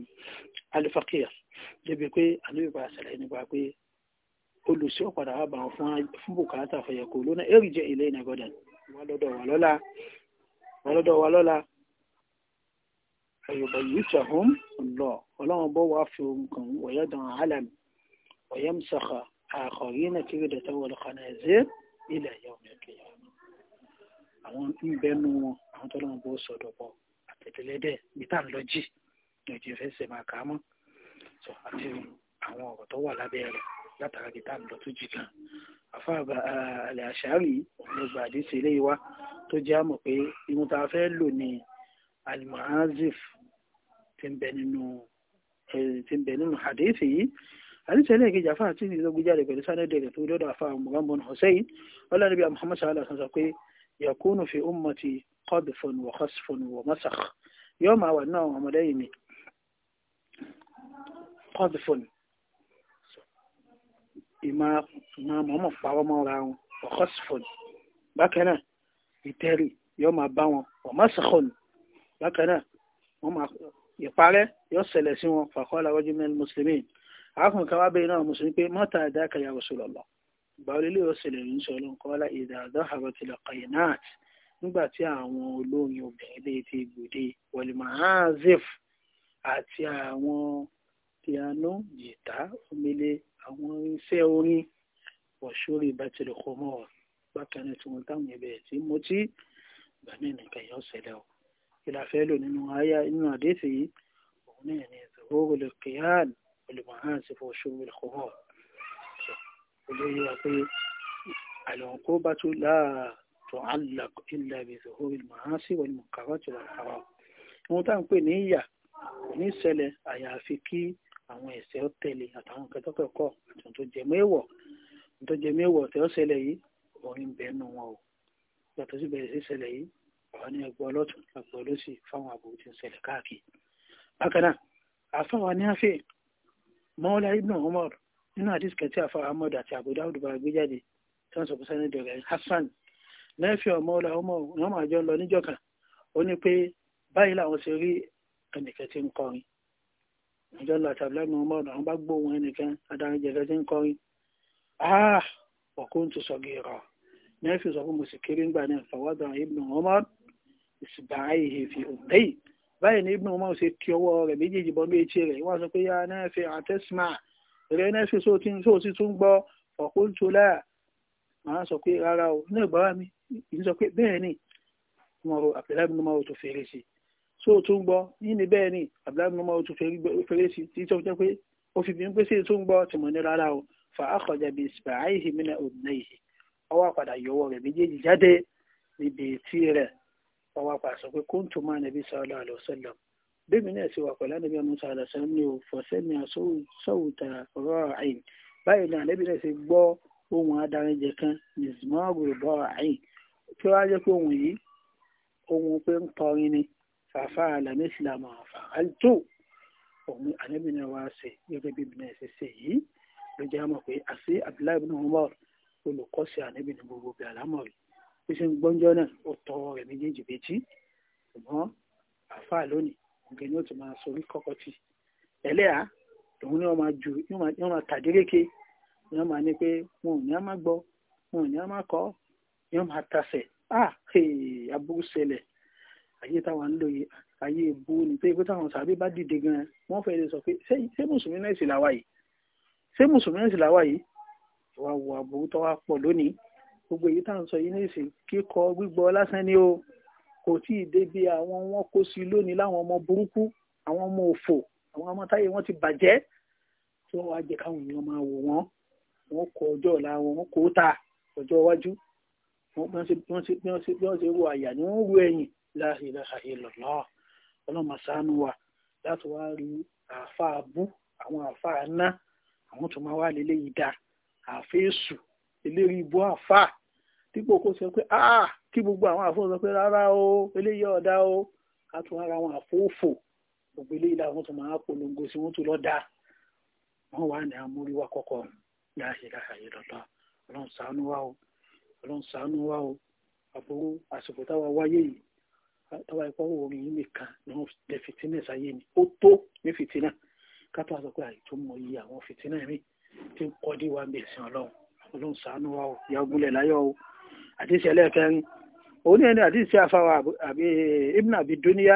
alifakíyà débi pé àlóyìnbá àṣàlẹ̀ nípa pé olùsí ọ̀padà wà bá wọn fún bùkátà fẹ̀yẹ̀kọ́ lónà èrì jẹ́ ilé ìnà gọ́dà wà lọ́dọ̀ wà lọ́la wà lọ́dọ̀ wà lọ́la ọ̀yọ̀bọ̀ yìí tọ̀ hún lọ ọlọ́run bọ́ wà fi ohun kan wọ̀yẹ́ dàn álàmì wọ̀yẹ́ mùsàkà àkọ̀rí náà kiri dẹ̀tẹ̀ wọlé àti àwọn ọ̀rọ̀ tó wà lábẹ́ rẹ̀ látara kìtà lọ tó jì kan àfáàbà àlẹ́ àṣàárì lọ́gbà àdísí ilé wa tó jẹ́ àmọ̀ pé irun tá a fẹ́ lò ní almuhazif ti ń bẹ nínú ti ń bẹ nínú àdísí yìí àdísí ilé ìkejì àfáà tí ní ìlógún jáde pẹ̀lú sánẹ́dẹ̀ rẹ̀ tó lọ́dọ̀ àfáà mọ̀gánbọ̀n hussein ọlọ́run bíi muhammad sallallahu alaihi wasallam pé yakunu fi ummati qadfun wa khasfun wa masakh yóò máa wà náà ọmọdé yìí ni qadfun ìmọ̀ mọ̀ọ́mọ̀ pàwọ́ mọ́ra wọn ọ̀kọ́sìfọ̀n bákan náà ìtẹ́rì yóò máa bá wọn ọ̀mọ́sìkọ̀n bákan náà wọ́n máa ìparẹ́ yóò ṣẹlẹ̀ sí wọn faqala rajulun minal muslimin àákùn kan wá bẹ́ẹ̀ náà mùsùlùmí pé mọ́tà àdáka ya Rasulullah ìgbàlélé yóò ṣẹlẹ̀ ní sọ́lọ́ qala idha dhahabat al-qainat nígbà àwọn iṣẹ́ orin ọ̀ṣọ́rì ìbátẹ̀lẹ̀ kọ́ mọ́ ọ bákan náà tí wọ́n táwọn ẹ̀bẹ̀ tí mo tí gbà náà nìkan yọ ṣẹlẹ̀ o kí la fẹ́ lò nínú àyà nínú àdéhùn yìí òun náà ní ìṣòro olùkíyàn olùmọ̀hán sí fún ọ̀ṣọ́rì ìkọ́ mọ́ ọ olóyè wa pé àlọ́kó bá tún láà tó àlàkó ilẹ̀ ìṣòro olùmọ̀hán sí wọn ni kàwá tó wà káwá ohun táwọn pè ní ìyà kò ní ṣẹlẹ̀ àyàfi kí àwọn ẹ̀ṣẹ̀ ó tẹ̀lé àtàwọn nǹkan tọ́kẹ̀ kọ́ àtún tó jẹ mẹ́wọ̀ tó jẹ mẹ́wọ̀ tẹ́ ó ṣẹlẹ̀ yìí orin bẹ́ẹ̀ nù wọn o yàtọ̀ sí bẹ̀rẹ̀ sí ṣẹlẹ̀ yìí àwọn ní ẹgbẹ́ ọlọ́tún ẹgbẹ́ olóṣì fáwọn àbòrò ti ń ṣẹlẹ̀ káàkiri bákan náà àfáwọn ní àfẹ́ mọ́ọ́lá ibn Umar nínú àdìsí kẹtí àfa ahmed àti Abu Dawud bá gbé jáde tí wọ́n sọ fún sẹ́ni dọ̀rẹ́ Hassan lẹ́fẹ̀ẹ́ ọmọ ọlá ọmọ wọn máa jọ lọ níjọ́ kan ó ní pé báyìí làwọn ṣe rí ẹnìkan tí ń kọrin ìjọlá tàbí lẹ́nu ọmọ ọ̀dọ̀ àwọn bá gbóhùn ẹnìkan adarí jẹ̀fẹ́ tí ń kọrin ah ọkùnrin tó sọ gèrọ nẹ́ẹ̀fì sọ fún mo sì kéré ńgbà náà fàwọ́dọ̀ ibn Umar ìsìgbà ayé fi òtẹ́yì báyìí ní ibn Umar ṣe kí ọwọ́ rẹ̀ méjèèjì bọ́ méjì rẹ̀ wọ́n sọ pé yá nẹ́ẹ̀fì àtẹ́sìmá rẹ̀ nẹ́ẹ̀fì sóòtì tún gbọ́ ọkùnrin tó láà màá sọ pé rárá tó o tún gbọ́ yìí ni bẹ́ẹ̀ ni abdullahi mọ́mọ́ o tún fèrè sí tí tó jẹ́ pé o fi bí ń pèsè tó ń gbọ́ tí mo ní rárá o fa akọ̀jà bíi sibáàyè mi náà ò ní yìí ọwọ́ àpàdà yọwọ́ rẹ̀ méjèèjì jáde níbi etí rẹ̀ ọwọ́ àpàdà sọ pé kóńtù máa nàbí sallallahu alaihi wasallam bẹ́ẹ̀ náà sì wà pẹ̀lú ànábì ọmọ sọ̀rọ̀ sọ̀rọ̀ o fọ̀sẹ́ni sọ̀wùtà rọ̀ àyìn àyìn tí fàfáàlà mísìlámà fàáltò òun ànábì náà wá ṣe gẹ́gẹ́ bí ibìnà ẹ̀sẹ̀ ṣe yìí ló jẹ́ àmọ̀ pé àṣì abdullahi ibn umar olùkọ́sí ànábì ní gbogbo bí àlámọ̀rí bí ṣe ń gbọ́njọ́ náà ó tọ́ rẹ̀ méjèèjì méjì ṣùgbọ́n àfáà lónìí ògè ni ó ti máa sorí kọ́kọ́ tì ẹlẹ́yà òun ni wọ́n máa ju yóò máa tàdéréke yóò máa ní pé wọn ò ní á máa gbọ́ wọn ò ní á máa kọ́ yóò máa tasẹ̀ ah aburú ṣẹlẹ̀ ayé táwọn ń lò yìí ayé ìbú ni tó yẹ pé táwọn sàbí bá dìde gan wọn fẹẹ lè sọ pé ṣé mùsùlùmí náà sì làwà yìí ṣé mùsùlùmí náà sì làwà yìí wà wò àbúrú wà pọ̀ lónìí gbogbo èyí táwọn sọ yìí ní ìsìn kíkọ gbígbọ lásán ni o kò tí ì débi àwọn wọn kó sí lónìí láwọn ọmọ burúkú àwọn ọmọ òfò àwọn ọmọ táyé wọn ti bàjẹ́ tí wọn wá jẹ káwọn èèyàn máa wò wọn wọn kọ ọjọ́ ọ̀la wọn kó ta ọjọ́ iwájú bí wọ́n ṣe wọ àyà ni wọ́n ru ẹ̀yìn la ilaha illallah ọlọ́mọ sànù wa láti wá rí àáfà abú àwọn àáfà aná àwọn tó máa wá lélẹ́ yìí dá àáfà èṣù eléyìí ibú àáfà dípò kó sọ pé ah kí gbogbo àwọn àáfà sọ pé rárá o eléyìí ọ̀dá o a tún ara àwọn àfófò gbogbo eléyìí làwọn tó máa polongo sí wọn tó lọ dá wọn wà ní amúríwá kọkọ la ilaha illallah ọlọ́run sànù wa o ọlọ́run sànù wa o àbúrò àsìkò táwa wáyé yìí tọ́wá ẹ̀kọ́ orin yìí nìkan ni wọ́n lè fìtínà sáyé ni ó tó ní fìtínà kátó àti pé àìtó mọ iye àwọn fìtínà mi tí ń kọ́ dé wa ń bèsì ọlọ́run ọlọ́run ṣàánú wa o ìyá ogunlẹ̀ láyọ̀ o àdìsí ẹlẹ́ẹ̀kẹrin òun ní ẹni àdìsí afáwa àbí ibn àbí dúníyà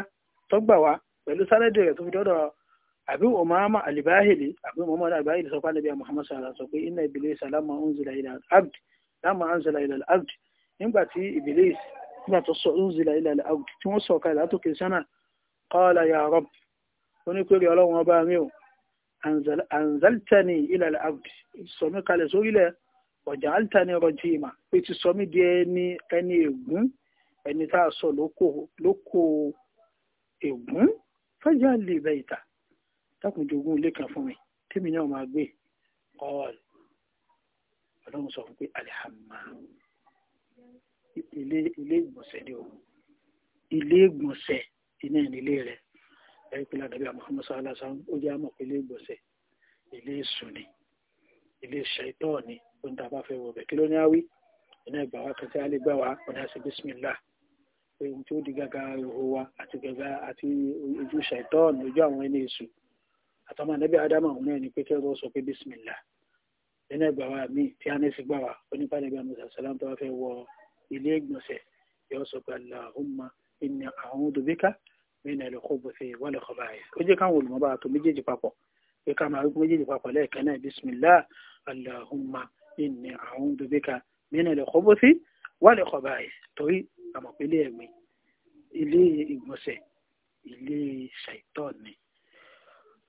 tọ́gbà wa pẹ̀lú sálẹ́dì rẹ̀ tó fi dọ́dọ̀ àbí umama alibahili àbí muhammad alibahili sọ muhammad sallallahu alaihi wa sallam sọ pé inna ibilisa lama unzila ila abd lama unzila ila abd nígbà nígbà tó sọ ounzila ilẹ̀ al'aud tí wọ́n sọ kalẹ̀ látòkè sánà qala ya rab onípèrè ọlọ́run ọba mi ò anzaltani ilẹ̀ al'aud sọ mí kalẹ̀ sórílẹ̀ ọjà altani rọjìmà pé ti sọ mí di ẹni ẹni ègún ẹni tá a sọ lóko ègún fẹ́jà lè bẹ ìta dákun jogún ilé kan fún mi tèmi náà máa gbé ọ̀ọ́lù ọlọ́run sọ fún pé alihamdulilayi ilé ilé ìgbọ̀nsẹ̀ ni o ilé ìgbọ̀nsẹ̀ iná ìnílé rẹ̀ ẹ̀rí pé ládàbí àmọ́hámọ́ sọ́lá sáà ó jẹ́ àmọ̀ pé ilé ìgbọ̀nsẹ̀ ilé ìsùn ni ilé ìṣẹ̀tọ́ ni ó ń ta bá fẹ́ wọ bẹ̀ kí ló ní àwí iná ìgbà wa kẹsẹ́ alẹ́ gbà wá ọ̀nà àti bísímìlá ohun tí ó di gàgà ìhò wa àti gàgà àti ojú ṣẹ̀tọ́ ní ojú àwọn ẹni èṣù àtọmọ ànábì ádámà òun náà ni pé kí ọlọ́ sọ pé bísímìlá iná ìgbà wa míì tí a ní sí gbà wá onípa níbi àmọ́ sàlámù tó wá fẹ́ wọ ilé ìgbọ̀nsẹ̀ yóò sọ pé Allahumma inni a'udhu bika min al-khubuthi wal khaba'ith ó jẹ́ káwọn olùmọ̀ bá tó méjèèjì papọ̀ pé ká máa wípé méjèèjì papọ̀ lẹ́ẹ̀kan náà bismillah Allahumma inni a'udhu bika min al-khubuthi wal khaba'ith torí àmọ̀pélé ẹ̀gbìn ilé ìgbọ̀nsẹ̀ ilé ṣàìtàn ni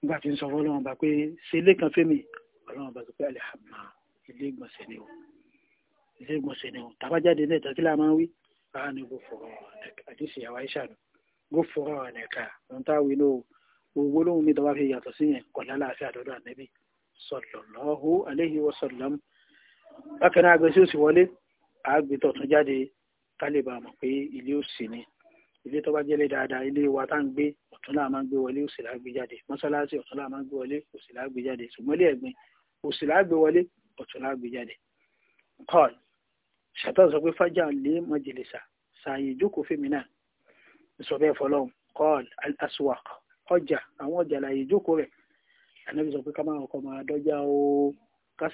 nígbà tí ń sọ fọlọ́wọ́n bá pé ṣe ilé kan fẹ́mi ọlọ́wọ́n bá sọ pé alẹ́ àmà ilé ìgbọ̀nsẹ̀ ni o ilé ìgbọ̀nsẹ̀ ni wọn tàbájáde ní ìtàn kí la máa ń wí báwa ni gòfòrò àdìsí àwa iṣà nù gòfòrò ẹ̀ka ohun tá a wí lóo gbogbo lóhun mi tọ́wá fi yàtọ̀ sí yẹn kọ̀ lálàáfíà lọ́dọ̀ ànẹ́bí sallallahu alayhi wa sallam bákan náà agbésí òsì wọlé àgbétọ̀ tún jáde kálíbà mọ̀ pé ilé òsì ni ilé tó bá jẹ́lé dáadáa ilé wa tá ń gbé ọ̀tún láà máa ń gbé wọlé òsì láà gbé jáde mọ́sálásí ọ̀tún láà máa ń gbé wọlé òsì láà gbé jáde ṣùgbọ́n ilé ẹ̀gbin òsì láà gbé wọlé ọ̀tún láà gbé jáde ṣàtọ́ sọ pé fájà lé mọ́jìlísà ṣàyè ìjókòó fèmí náà sọ bẹ́ẹ̀ fọlọ́hún kọ́ọ̀l aswaq ọjà àwọn ọjà làyè ìjókòó rẹ̀ ànábi sọ pé ká máa kọ́ máa dọ́jà o ká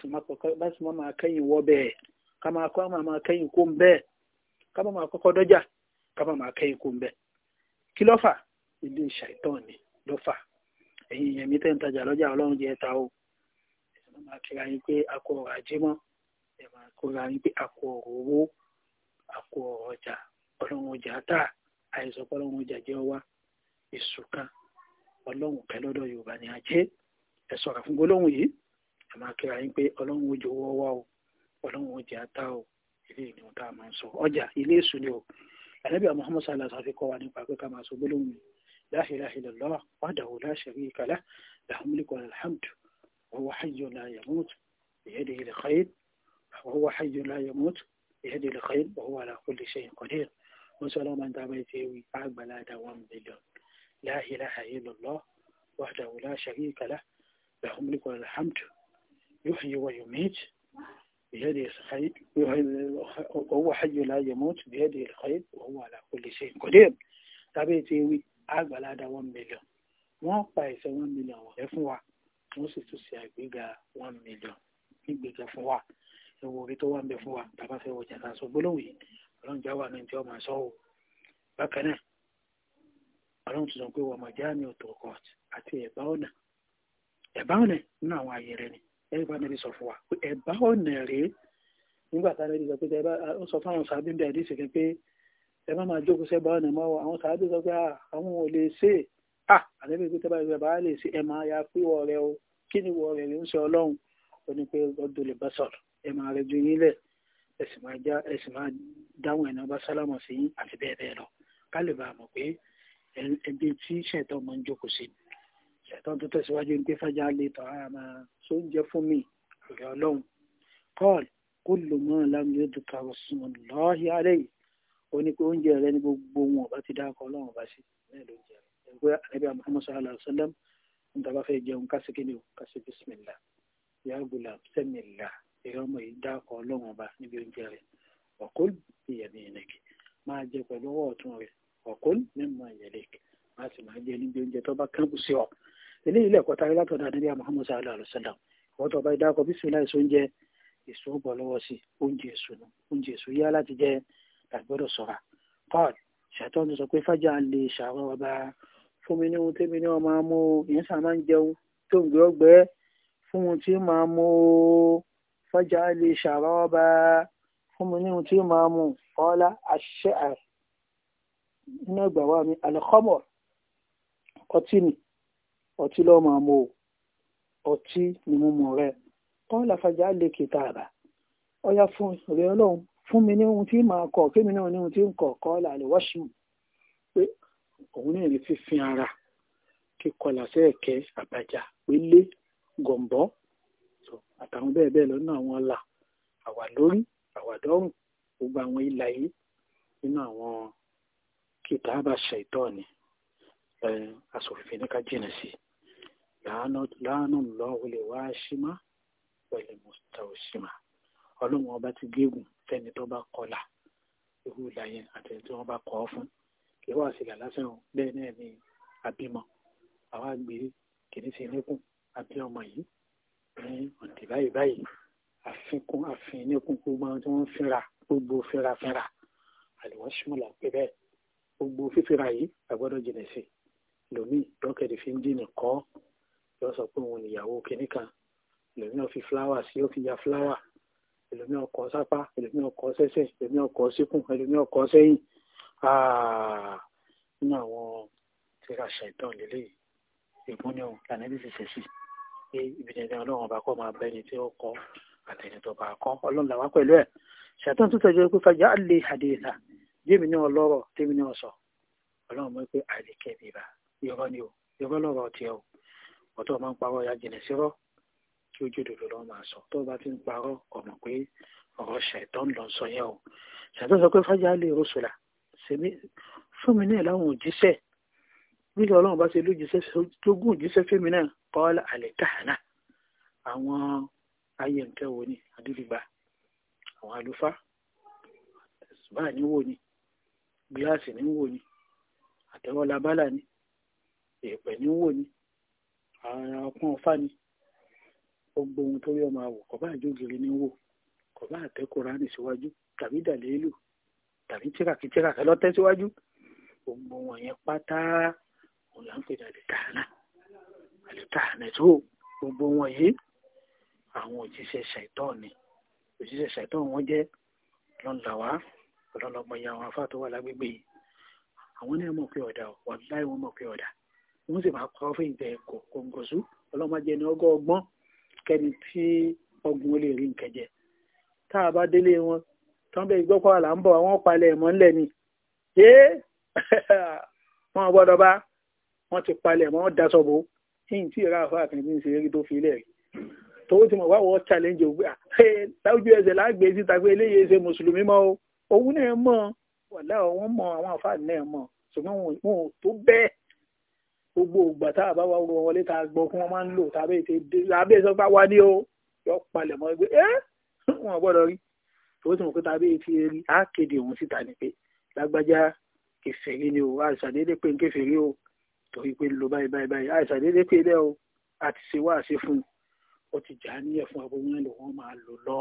sì má máa kẹ́yìn wọ́ bẹ́ẹ̀ ká máa kọ́ máa kẹ́yìn kó ń bẹ́ẹ̀ ká má máa kọ́kọ́ dọ́jà ká má máa kẹ́yìn kó ń bẹ́ẹ̀ kí lọ́fà ilé ṣàìtàn ni lọ́fà ẹ̀yin ìyẹn mi tẹ́ ń tajà lọ́jà ọlọ́run jẹ́ ta o ẹ̀ máa kíra yín pé a kọ ẹ̀mọ̀ kóra ń gbé àpò ọ̀rọ̀ owó àpò ọ̀rọ̀ ọjà ọlọ́run ọjà tà àìsàn ọlọ́run ọjà jẹ́ ọwá èso kan ọlọ́run kẹ lọ́dọ̀ yorùbá ni ajé ẹ sọ̀rọ̀ fún gbólóhùn yìí ẹ máa kíra yín pé ọlọ́run ọjà owó ọwá o ọlọ́run ọjà tà o ilé ìdìbò tá a máa ń ilé èso ni o ànábì Muhammad sallallahu alaihi wasallam wa nípa pé ká máa sọ yìí la ilaha illallah wahdahu la sharika lahu lahul mulku wa lahul hamdu wa huwa hayyun la yamut biyadihi وهو حي لا يموت يهدي الخير وهو على كل شيء قدير وسأل من دعوته عقب لا دوام مليون لا إله إلا الله وحده لا شريك له له الملك والحمد يحيي ويميت بيده الخير وهو حي لا يموت بيده الخير وهو على كل شيء قدير tàbí ti wí àgbàládà one million wọ́n pa ẹ̀sẹ̀ one million wọ̀nyẹ́ fún wa wọ́n sì tún ṣe àgbéga one million nígbèga fún wa ẹwọ orí tó wà ń bẹ fún wa tàbá fẹ́ wọ jàdá sọ gbólóhùn yìí ọlọ́run já wà ní ọmọ ẹ̀sọ́ o bákan náà ọlọ́run tuntun pé wọ́n mọ̀já ní ọ̀tọ̀ court àti ẹ̀bá ọ̀nà ẹ̀bá ọ̀nà nínú àwọn ààyè rẹ ni ẹ̀rí bá nàbí sọ fún wa ẹ̀bá ọ̀nà rèé nígbà tá nàbí sọ pé ẹ ó sọ fún àwọn sàbí bí àdìsí kan pé ẹ má máa jókòó sẹ́bà ọ̀nà mọ́ àwọn sàbí sọ pé ah, àwọn ò lè ṣe é à ah, àdébí pé tẹ́bà ìgbà lè ṣe ẹ máa ya pé wọ́ọ̀rẹ́ o kí ni wọ́ọ̀rẹ́ ń ṣe ọlọ́run ó ní pé ọdún lè bá sọ̀rọ̀ ẹ máa rẹ ju yín lẹ̀ ẹ sì máa já ẹ sì máa dáhùn ẹ̀nà bá sálámà sí yín àti bẹ́ẹ̀ bẹ́ẹ̀ lọ ká lè bá a mọ̀ pé ẹbí tí ṣẹ̀tọ́ máa ń jókòó sí ṣẹ̀tọ́ tó tẹ̀síwájú ní pé fájà lè tọ́ ara máa sóúnjẹ fún mi ọ̀rẹ́ ọlọ́run kọ́ọ̀lù kó lò mọ́ lámì yóò dùkà ọ̀sùn lọ́ọ̀hí alẹ́ yìí ó ní pé oúnjẹ rẹ ní gbogbo wọn ọba ti dákọ̀ ọlọ́run ọba sí bẹ́ẹ̀ ló jẹ ẹgbẹ́ àrẹ́bí àmọ́ sọ́hálà sọ́lẹ́m ń tàbá fẹ́ jẹun kásìkí ni ó kásìkí bísímìlá yàgùlà sẹ́mìlá èrè ọmọ yìí dákọ̀ ọlọ́run ọba níbi oúnjẹ rẹ̀ ọ̀kọ́l ìyẹ̀mí ìnẹ̀kì máa jẹ pẹ̀lú ọwọ́ ọ̀tún rẹ̀ ọ̀kọ́l mímọ́ ìyẹ̀lẹ̀kì máa sì máa jẹ níbi oúnjẹ tó bá kẹ́kù sí ọ. eléyìí lẹ́kọ̀ọ́ tari látọ̀dọ̀ àdébíyà muhammad sallallahu alayhi wa sallam wọ́n tọ́ bá yìí dákọ̀ bísímilá èso oúnjẹ èso bọ̀ lọ́wọ́ sí oúnjẹ èso nù oúnjẹ èso yá láti jẹ àgbẹ̀dọ̀ sọ̀ra paul ṣàtọ́ni sọ fọ́jà lè ṣàrọ́ọ̀bà fún mi nínú tí ó máa mú ọ́lá àṣẹ nínú ẹgbà wa mi alẹ́kọ́mọ̀ ọtí ni ọtí lọ́ọ́ máa mú o ọtí ni mo mọ̀ rẹ ọ́lá fọ́jà lè kìtà àbá ọyá fún rẹ ọlọ́run fún mi ní ohun tí màá kọ kémi náà ní tí ń kọ kọ́ làlẹ́ wáṣù pé òun náà lè fífin ara kíkọlà sí ẹ̀kẹ́ àbájá pélé gọ̀m̀bọ́n àtàwọn bẹ́ẹ̀ bẹ́ẹ̀ lọ́nà àwọn ọlà àwà lórí àwà dọ́rùn gbogbo àwọn ìlà yìí nínú àwọn kìtàbà ṣàìtọ́ọ̀nì asòfin ní ká jìnà sí láàánú lọ́wọ́ lè wá ṣímá pẹ̀lú mọ́tà òṣìmá ọlọ́run ọba ti gégùn fẹ́ni tó bá kọlà irú ìlà yẹn àti tí wọ́n bá kọ́ fún kí àṣìlà lásán bẹ́ẹ̀ náà ni àbímọ àwa gbé kìnìún sí níkùn àbí ọmọ yìí ní ọ̀dì báyìí báyìí àfikún àfin ní kúkú gbọ́n tí wọ́n fínra gbogbo fínra fínra àlùwọ́ súnmọ́lá pé bẹ́ẹ̀ gbogbo fífínra yìí àgbọ́dọ̀ jìnà sí lòmíì lọ́kẹ̀dẹ̀ fi ń dín nìkọ́ yọ sọ pé òun ìyàwó kìnnì kan lòmíì ó fi fúláwà sí ó fi ya fúláwà ẹlòmíì ó kọ sápá ẹlòmíì ó kọ sẹ́sẹ̀ ẹlòmíì ó kọ síkùn ẹlòmíì ó kọ sẹ́yìn nínú àwọn tíra ṣàìtàn lélẹ́yìí ìbúni ọ̀hún lànà bí ti ṣẹ̀ sí i pé ibi dandan ọlọ́run ọba kọ́ máa bẹ́ni tí ó kọ́ àtẹni tó bá kọ́ ọlọ́run làwa pẹ̀lú ẹ̀ ṣàtàn tó tẹ̀jọ́ pé fàjà àlè àdéhìsà jẹ́mi ní ọlọ́rọ̀ tẹ́mi ní ọ̀sọ̀ ọlọ́run mọ̀ pé àlè kẹ́mi bá yọ̀rọ̀ ni o yọ̀rọ̀ lọ́rọ̀ tiẹ̀ o ọ̀tọ̀ máa ń parọ́ ya jìnà sírọ́ kí ojú dòdò lọ́ọ́ máa sọ tó bá ti ń parọ́ ọ̀nà pé ọ̀rọ̀ ṣàìtàn lọ sọ yẹn o ṣàtàn sọ pé fàjà àlè rọ́ṣùlà fún mi náà láwọn òjíṣẹ́ bí ọlọ́run bá ṣe lójúṣẹ́ lógún òjíṣẹ́ fún mi náà kọ́ọ́lá àlẹ́kàánà àwọn ayé nǹkan wo ni adúlùgbà àwọn àlùfáà ṣùgbọ́n àníwò ni gíláàsì ní wò ni àtẹ́wọ́lá bálà ni èèpẹ̀ ní wò ni ara ọpọ́n ọfá ni gbogbo ohun tó yọ máa wò kọ̀bá àjòjìrì ní wò kọ̀bá àtẹ́kùnrà ní síwájú tàbí dàlélù tàbí tírakìtírakì lọ́tẹ́ síwájú gbogbo wọn pátá òun là ń pè dàlẹ́ tààrà àlítànẹ̀tò gbogbo wọn yìí àwọn òjíṣẹ́ ṣàìtọ́ ni òjíṣẹ́ ṣàìtọ́ wọn jẹ́ lọ́nlàwá ọlọ́lọ́gbọ̀n ya àwọn afá tó wà lágbègbè yìí àwọn náà mọ̀ pé ọ̀dà wọ́n láì wọ́n mọ̀ pé ọ̀dà wọ́n sì máa kọ́ fún ìgbẹ́ kòǹgòsú ọlọ́mọdé ni ọgọ́ ọgbọ́n kẹni tí ọgbọ́n ó lè rí nǹkan jẹ tá a bá délé wọn tó ń bẹ ìgbọ́kọ̀ àlà ń bọ̀ àwọn palẹ̀ mọ́ ńlẹ̀ ni ẹ́ <laughs> wọn gbọ́dọ̀ bá wọn ti palẹ̀ mọ́ dasọ̀bọ̀ tí n tí ìra àfa àfihàn ń ṣe eré tó fi ilẹ̀ rí ti mọ̀ wá wọ́ challenge ògbé à ẹ láwùjọ ẹsẹ̀ lágbèé síta pé eléyìí ṣe mùsùlùmí mọ́ o òun náà mọ̀ wàlá wọn mọ̀ àwọn àfa náà mọ̀ ṣùgbọ́n wọn ò to be, gbogbo ògbà tá a bá wá wọn wọlé tá a gbọ́ kí wọ́n máa ń lò tá a bẹ́ẹ̀ sọ bá wá o yọ palẹ̀ mọ́ ẹgbẹ́ eh? <laughs> ẹ́ wọn gbọ́dọ̀ rí tówó ti mọ̀ pé tá a bẹ́ẹ̀ ti rí á kéde òun síta ní pé lágbájá kẹfẹ́rí ni o àṣàdédé pé ń kẹfẹ́rí o torí pé ló báyìí báyìí báyìí àìsàn dédé pé bẹ́ẹ̀ o a ti ṣe wáàsí fún un ó ti jà níyẹ̀ fún abóyún ẹ̀ lòun máa lò lọ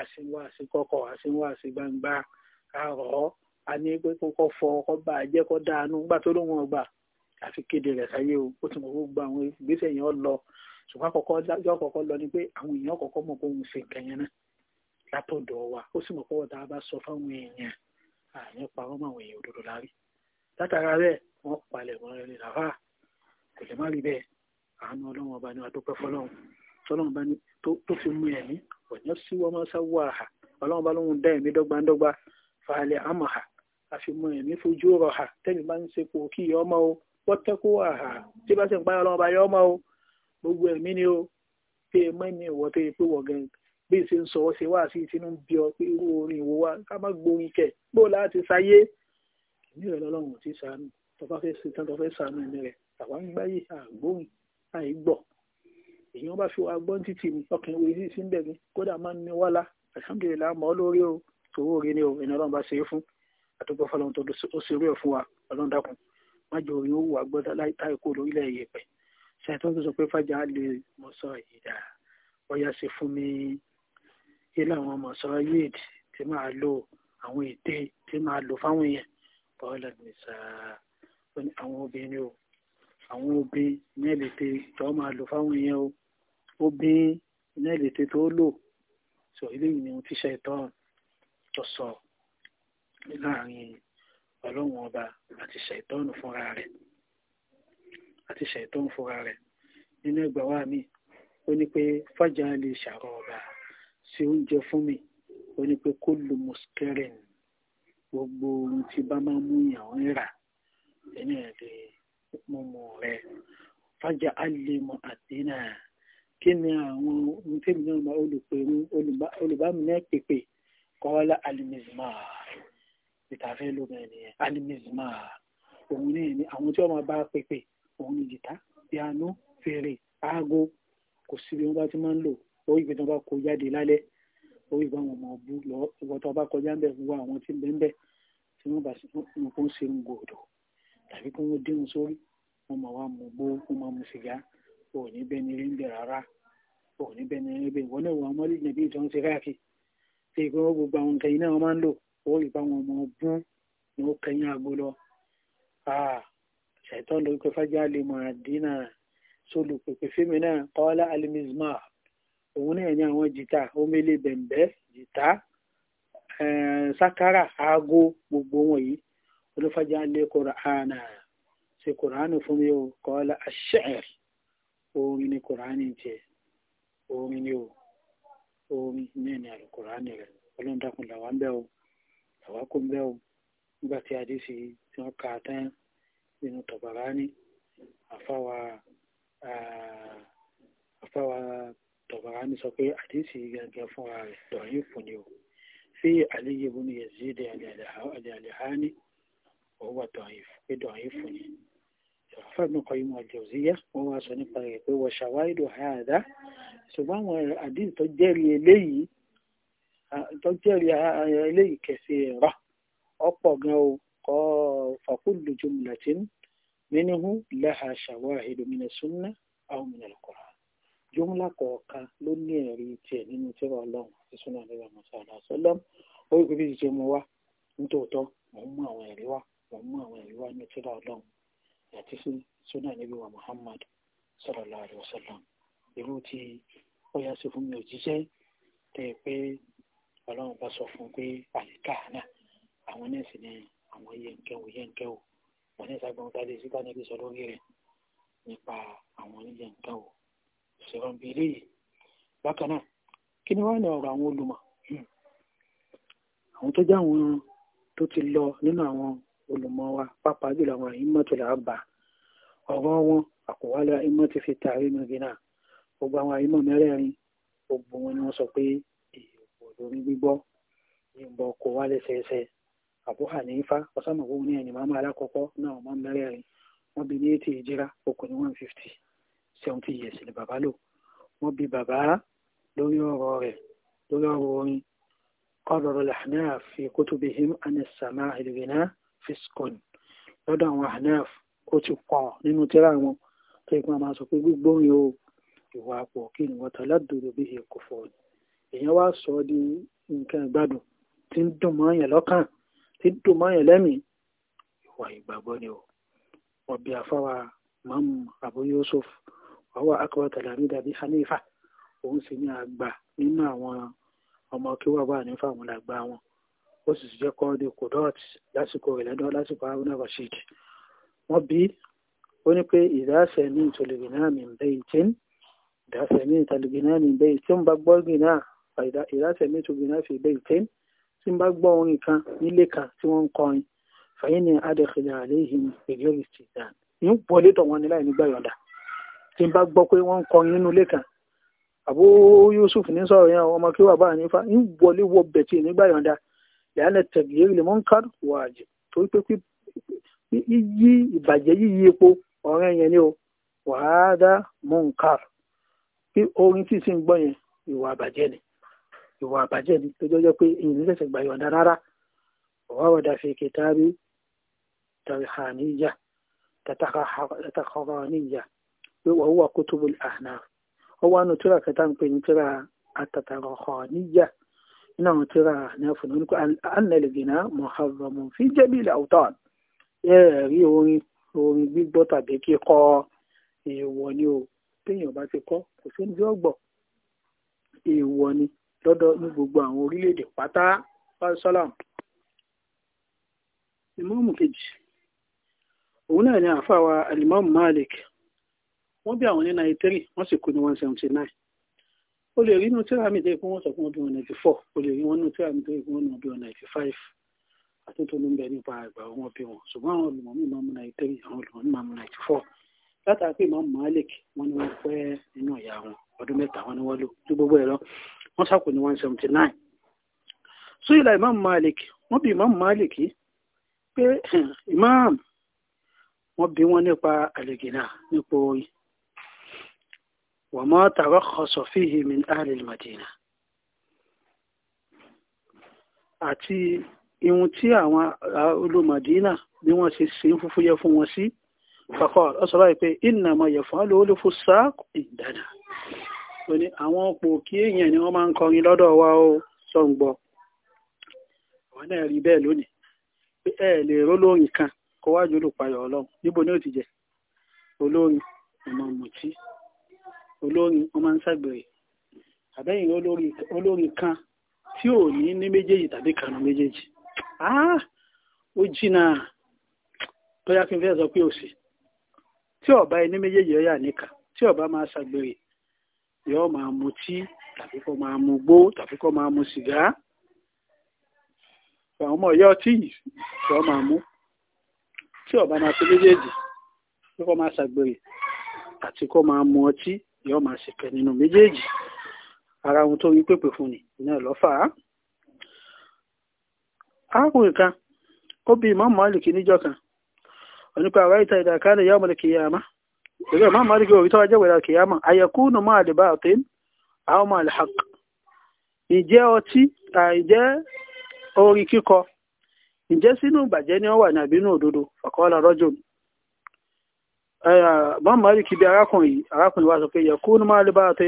àṣewáàsí kọ́kọ́ àṣewáàsí gbangba àrọ̀ a ní pé kókó fọ ọkọ bá a jẹ́ kó dáanú gbà tó lóun ọgbà àfi kéde rẹ̀ sáyé o ó ti mọ̀ gbogbo àwọn ìgbésẹ̀ yẹn lọ ṣùgbọ́n àkọ́kọ́ yọ àkọ́kọ́ lọ ni pé àwọn èèyàn kọ̀ọ̀kọ́ mọ̀ pé òun ṣe nǹkan yẹn náà látọ̀dọ̀ wa ó sì mọ̀ pé ọ̀tá bá sọ fáwọn èèyàn àyẹ̀pá wọn àwọn èèyàn òdodo lárí látara bẹ́ẹ̀ wọ́n palẹ̀ wọn rẹ̀ nínú àfà kò lè má rí bẹ́ẹ̀ àánú ọlọ́run ọba ni wà tó pẹ́ fọlọ́run tọ́lọ́run bá ní tó fi mú ẹ̀mí ọ̀yàn sí wọ́n máa sáwọ́ àhà ọlọ́run bá lóhun dá ẹ̀mí dọ́gbandọ́gba fàálẹ̀ àmọ̀ hà àfi mú ẹ̀mí fojú ọ̀rọ̀ hà tẹ́mi bá ń sepò kí ìyá ọmọ o pọ́tẹ́kù àhà tí bá sì ń pa ọlọ́run bá yọ ọmọ o gbogbo ẹ̀mí ni o pé ẹ mọ́ ẹ̀mí ìwọ́ tó yẹ pé wọ̀ gan bí ìṣe ń sọ ọ́ ṣe wá sí ìtinú bí ọ pé irú orin ìwò wa ká má gborin kẹ̀ bó láti sáyé ẹ̀mí rẹ̀ lọ́lọ́run ò tí sànù tọ́fà fẹ́ sí tán tọ́fẹ́ sànù ẹ̀mí rẹ̀ àwa ń gbáyé àgbóhùn àìgbọ̀ èèyàn bá fi wá gbọ́n títì mi ọkàn ìwé sí síbẹ̀ mi kódà máa ń ní wàhálà alhamdulillah mọ́ lórí o tòwó rí ni o ìnáwó ọlọ́run bá ṣe é fún àtúgbò fọlọ́run tó ó ṣe orí ẹ̀ fún wa ọlọ́run dákun má jẹ́ orin ó wù wá gbọ́dá láì táì kó lórílẹ̀ yẹ̀pẹ̀ ṣàìtàn tó sọ pé fàjà lè mọ̀ sọ ìdá ọ̀yà ṣe fún mi ilé àwọn ọmọ sọ yéèdì tí máa lo àwọn ète tí máa lò fáwọn èèyàn kọ́ọ̀lá nìsa ó ní àwọn obìnrin o àwọn obìnrin náà lè tẹ tọ́ máa lò fáwọn èèyàn o obìnrin náà lè tẹ tó lò sọ eléyìí ni ohun tíṣà ìtọ́n tó sọ láàrin ọlọ́run ọba àti ṣàìtọ́n fúnra rẹ̀ àti ṣàìtọ́n fúnra rẹ̀ nínú ẹgbàá wa mi ó ní pé fájà lè ṣàrọ̀ ọba ṣe oúnjẹ fún mi ó ní pé kó lu mùsùkẹ́rẹ̀ ni gbogbo ohun tí bá máa mú ìyàwó rà ẹni ẹ̀ lè mọ̀mọ́ rẹ̀ fájà àlèmọ̀ àdínà kí ni àwọn ohun tí mi náà máa olùpẹ̀rù olùbámilẹ̀ pèpè kọ́lá alimizma ìtàfẹ́ lómi ẹ̀nìyẹn alimizma òun ní ẹni àwọn tí wọ́n máa bá pèpè òun ní jìtá piano fèrè aago kò sí bí bá ti máa ń lò ó ìgbẹ́ tí wọ́n bá kó jáde lálẹ́ orí ìgbà wọn máa bú lọ ìwọ tó bá kọjá bẹ wọ àwọn tí ń bẹ ń bẹ tí wọn bá nǹkan ṣe ń gòdò tàbí kí wọn dínú sórí wọn máa wá mú gbó wọn máa mú sìgá wọn ò ní bẹ ní ríńbẹ rárá wọn ò ní bẹ ní ríńbẹ ìwọ náà wọn mọlẹ nàbí ìtàn ṣe káàkiri tí ìgbà wọn gbogbo àwọn nǹkan yìí náà wọn máa ń lò orí ìgbà wọn máa bú ni ó kẹyìn àgbo lọ ṣàìtàn lórí pé fájà lè máa dínà sólù pèpè fíìmù òun náà ní àwọn jìtá omele bẹ̀m̀bẹ́ jìtá eh, sakara aago gbogbo wọn yìí olùfàjà lè kùránà ṣe kùránì fún mi ò kọ́lá aṣẹ́ẹ̀r orin ni kùránì jẹ orin ni o orin náà ni àlùkùránì rẹ ọlọ́dàkùn làwa ń bẹ́ o làwa kò ń bẹ́ o nígbà tí adéṣe tí wọ́n kà á tán nínú tọ̀bàrá ní àfáwà ah, àfáwà Tabarani sọ pé àdísì gẹ́gẹ́ fúnra rẹ̀ dọ̀yìn fún ni o fi Ali ibn Yazid al-Alhani ọwọ́ dọ̀yìn pé dọ̀yìn fún ni ìfàfà mi kọ ìmọ̀ al-Jawziyya wọ́n wá sọ nípa rẹ̀ pé wọ́n ṣàwáìdò àádá ṣùgbọ́n àwọn àdísì tó jẹ́rìí eléyìí tó jẹ́rìí eléyìí kẹsì rọ̀ ọ̀pọ̀ gan o kọ́ fakullu jumlatin minhu laha ṣàwáìdò min as jùmọ̀lá kọ̀ọ̀kan ló ní ẹ̀rí tiẹ̀ nínú tírà ọlọ́run àti súnà nígbà mọ̀sálà sọlọ́m orí pípé ti ṣe mu wá nítòótọ́ mò ń mú àwọn ẹ̀rí wá mò ń mú àwọn ẹ̀rí wá ní tírà ọlọ́run àti súnà níbi wa Muhammad sallallahu alaihi wasallam irú tí ó yá sí fún mi òjíṣẹ́ tẹ́ pé ọlọ́run bá sọ fún pé àyíká náà àwọn náà sì ni àwọn yẹnkẹ́wò yẹnkẹ́wò wọn ní ìsagbọ̀n tá a lè sí ká níbi sọ lórí rẹ̀ nípa àwọn yẹnkẹ́wò ṣẹ̀wọ̀n bí eléyìí bákan náà kí ni wọ́n ní ọ̀rọ̀ àwọn olùmọ̀ àwọn tó jẹ́ àwọn tó ti lọ nínú àwọn olùmọ̀ wa pàápàá jùlọ àwọn àyímọ̀tòlá àbá ọ̀rọ̀ wọn àkọwálẹ̀ àyímọ̀tò fi tààrí mìíràn náà gbogbo àwọn àyímọ̀ mẹ́rẹ̀ẹ̀rin gbogbo wọn ni wọ́n sọ pé èèwọ̀ lórí gbígbọ́ ìbọn kò wá lẹ́sẹẹsẹ Abu Hanifa ọ̀sán mọ̀gbọ́n ní ẹ̀yìn máa máa alákọ̀ọ́kọ́ náà máa mẹ́rẹ̀ẹ̀rin wọ́n bí ní eighty ìjìrá okùn ní one fifty seventy years ni bàbá lò wọ́n bi bàbá lórí ọ̀rọ̀ rẹ̀ lórí ọ̀rọ̀ orin kọ́dọ̀rọ̀ lahnaf fi kutubihim anis sama' al-ghina fiskun lọ́dọ̀ àwọn hanaf ó ti pọ̀ nínú tírà wọn tó ìpín àmà sọ pé gbígbórin o ìwà àpò kí ni wọ́n taladdu bihi kufur èèyàn wá sọ di nǹkan ìgbádùn tí ń dùn mọ́ yẹn lọ́kàn tí ń dùn mọ́ yẹn lẹ́mìí ìwà ìgbàgbọ́ ni o wọ́n bí afáwa Imam wàhùwà akọwà tàlàmídà bí hanifa òun sì ní àgbà nínú àwọn ọmọ kíwà bá ní fáwọn làgbà wọn ó sì jẹ́ kọ́ọ̀dù kudot lásìkò ìlẹ́dọ́ lásìkò haruna rashid wọ́n bí ó ní pé ìdásẹ̀ ní ìtòlùgìnáàmì bẹ́ẹ̀tín ìdásẹ̀ ní ìtòlùgìnáàmì bẹ́ẹ̀tín bá gbọ́ gìnà ìdásẹ̀ ní ìtòlùgìnáàmì bẹ́ẹ̀tín tí ń bá gbọ́ orin kan nílé kan tí wọ́n ń kọrin fàyín ni adẹ̀kẹ̀lẹ̀ àléhìn ìgbẹ́rìsì ní wọlé wọn ní láì nígbà yọ̀ǹda tí n bá gbọ́ pé wọ́n ń kọrin nínú ilé kan àbó Yusuf ní sọ̀rọ̀ yẹn ọmọ kí wàá bá ní fa ń wọlé wọ bẹ̀tì nígbà yọ̀ǹda lẹ́yìn tẹ̀gìrì lè mọ́ ń kárù wàjì torí pé yíyí ìbàjẹ́ yíyí epo ọ̀rẹ́ yẹn ni o wàhádà mọ́ ń kárù pé orin tí ì sì ń gbọ́ yẹn ìwà àbàjẹ́ ni ìwà àbàjẹ́ ni tó jọjọ pé èyí ní sẹ̀sẹ̀ gbà yọ̀ǹda rárá ọ̀wá wọ̀dà fi kìtàbí tàríhàníyà tàtàkàràníyà pé wọ́n wà kutubul ahnaf ó wà nù tíra kẹta ń pè ní tíra at-Tataraqaniyya nínú àwọn tíra ahnaf ní oníkó anàlẹ́gìnà muharramun fi jami'il awtan ẹ̀rí orin orin gbígbọ́ tàbí kíkọ èèwọ̀ ni o téèyàn bá ti kọ́ kò sí ní ọgbọ̀ èèwọ̀ ni ní gbogbo àwọn orílẹ̀-èdè pátá fásálàm ìmáàmù kejì òun náà ni àfáwà alimọ́mù Malik wọ́n bí àwọn ní ninety three wọ́n sì kú ní one seventy nine o lè rí inú tíra mi dé pé sọ pé wọ́n ninety four o lè rí wọn inú tíra mi dé pé ninety five àtúntò ló ń bẹ nípa àgbà wọn bí wọn ṣùgbọ́n àwọn olùmọ̀ mi máa mú ninety three àwọn olùmọ̀ mi máa mú ninety four látàrí pé Imam Malik wọ́n ní wọ́n pẹ́ nínú ìyá wọn ọdún mẹ́ta wọ́n ní wọ́n lò ju gbogbo ẹ̀ lọ wọ́n sàkó ní one seventy nine so ìlà Imam Malik wọ́n bí Imam Malik pé Imam wọ́n bí wọ́n nípa àlègìnà nípa oyin وما ترخص فيه من أهل المدينة àti ihun tí àwọn olùmọ̀dínà bí wọ́n ṣe ṣe ń fúfú yẹ fún wọn sí fàkọ́ ọ̀sọ̀rọ̀ ìpé ìnàmọ̀ yẹ̀ fún alóòlù fún sáàkù ìdàdà tó ní àwọn ọ̀pọ̀ kí èèyàn ni wọ́n máa ń kọrin lọ́dọ̀ wa ó sọ̀ǹgbọ̀ àwọn náà rí bẹ́ẹ̀ lónìí ẹ lè rólórin kan kó wájú olùpayọ̀ ọlọ́run níbo ni ó ti jẹ olórin ìmọ̀ mùtí olórin wọn máa ń ṣàgbèrè àbẹ́yìn kan tí ò ní ní méjèèjì tàbí kanu méjèèjì ó jìnnà bóyá kí n fẹ́ sọ pé òsì tí ọba ẹni méjèèjì ọyà níkà tí ọba máa ṣàgbèrè yóò máa mutí tàbí kó máa mu gbó tàbí máa sìgá àwọn ọmọ ọyọ tí máa mú tí ọba máa méjèèjì tí máa àti máa ọtí yóò máa ṣe kẹ nínú méjèèjì ara ohun tó wí pèpè fún ni iná lọ́fà á. arákùnrin kan ó bi Imam Malik níjọ́ kan onípa àwa ìta ìdàkálẹ̀ yawm al-qiyama ìgbẹ́ Imam Malik òbí tó wá jẹ́ wẹ̀rẹ̀ kìyàmá ayakunu máa al-batil aw máa al-haqq ìjẹ́ ọtí àìjẹ́ orí kíkọ ìjẹ́ sínú ìbàjẹ́ ni ó wà ní àbínú òdodo faqala rajul bọ́n mọ́rí kí bí arákùnrin arákùnrin wá sọ pé yẹ kúrú ya ori bá àtẹ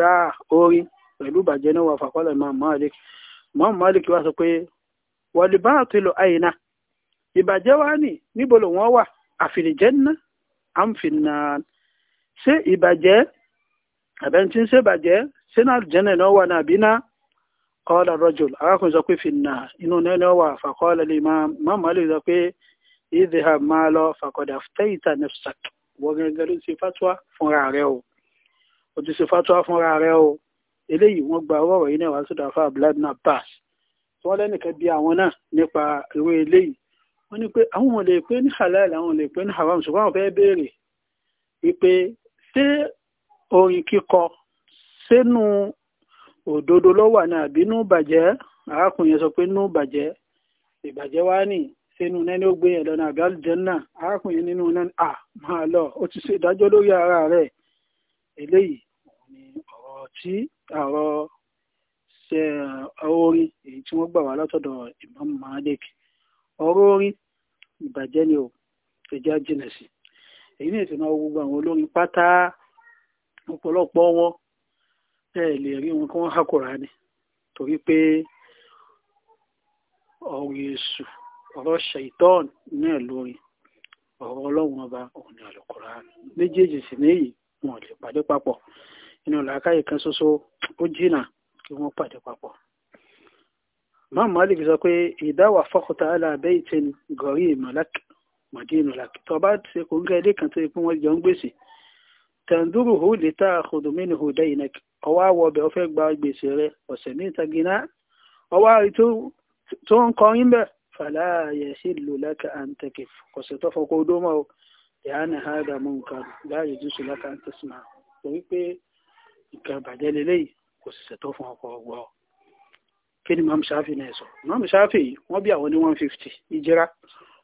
ra orin pẹ̀lú ìbàjẹ́ náà wà fàkọ́lẹ̀ máa mọ́rí mọ́n mọ́rí kí wá sọ pé wọ́n lè bá àtẹ lọ àyìnà ìbàjẹ́ wá nì níbo lò wọ́n wà àfìlìjẹ́ ná àǹfìnà ṣé ìbàjẹ́ àbẹ̀ntí ṣé ìbàjẹ́ ṣé náà jẹ́nà náà wà náà bí náà kọ́ọ̀lá rọ́jòl arákùnrin sọ pé fìnnà inú náà wà fàkọ́lẹ̀ lè máa mọ́rí sọ pé ìdíhà máa lọ fàkọ̀dà tẹ́yìtà nefsak wọ́n gẹ́gẹ́ ló ti fatuwa fúnra rẹ̀ o ó ti ṣe fatuwa fúnra rẹ̀ o eléyìí wọ́n gba ọ̀rọ̀ yìí náà wá sódà fún abdullahi bin abbas tí wọ́n lẹ́nìkan bí àwọn náà nípa ìwé eléyìí wọ́n ní pé àwọn ò lè pé ní halal àwọn ò lè pé ní haram ṣùgbọ́n àwọn fẹ́ béèrè wípé ṣé orin kíkọ sínú òdodo ló wà àbínú bàjẹ́ arákùnrin sọ pé nú bàjẹ́ ìbàjẹ́ wá nìyí sínú náà ni ó gbé yẹn lọ́nà àbí àlùjànnà arákùnrin nínú náà à ah, máa lọ ó ti ṣe ìdájọ́ lórí ara rẹ̀ eléyìí ni ọ̀rọ̀ tí ọ̀rọ̀ ṣe orin èyí tí wọ́n gbà wá látọ̀dọ̀ Imam Malik ọ̀rọ̀ orin ìbàjẹ́ ni ò fẹjá jìnà sí èyí ìtìmọ̀ gbogbo àwọn olórin pátá ọ̀pọ̀lọpọ̀ wọn lè rí wọn kí wọ́n ni torí pé ọ̀rọ̀ èṣù ọ̀rọ̀ ṣaitan náà lórin ọ̀rọ̀ ọlọ́run ọba òun ni àlùkùránì méjèèjì sì níyì wọn ò lè pàdé papọ̀ inú làákàyè kan ṣoṣo ó jìnnà kí wọ́n pàdé papọ̀ máa malik sọ pé ìdáwà fọ́kútà aláàbẹ̀ ìtẹni gọ̀rí ìmọ̀lák mọ̀dínú làkì tó bá ṣe kò ń gẹ́ ilé kan tó yẹ kí wọ́n jọ ń gbèsè tẹ̀ǹdúrù hù lè tá àkọdù mí ní hùdá ọwọ́ àwọ̀ ọ̀fẹ́ gba gbèsè rẹ ọ̀sẹ̀ ní ìtagínà ọwọ́ àrí tó ń kọrin bẹ́ẹ̀ فلا yẹsí لك àǹtẹkẹ kọsẹtọ fọkọ ọdọmọ يعني هذا ha لا mọ لك láàyè jùsù lákà àǹtẹsìmà torí pé nǹkan bàjẹ́ lélẹ́yìí kò sì ṣètò fún ọkọ̀ ọgbà kí ni mam ṣáfì náà sọ mam ṣáfì wọ́n bí àwọn ní one fifty ìjẹra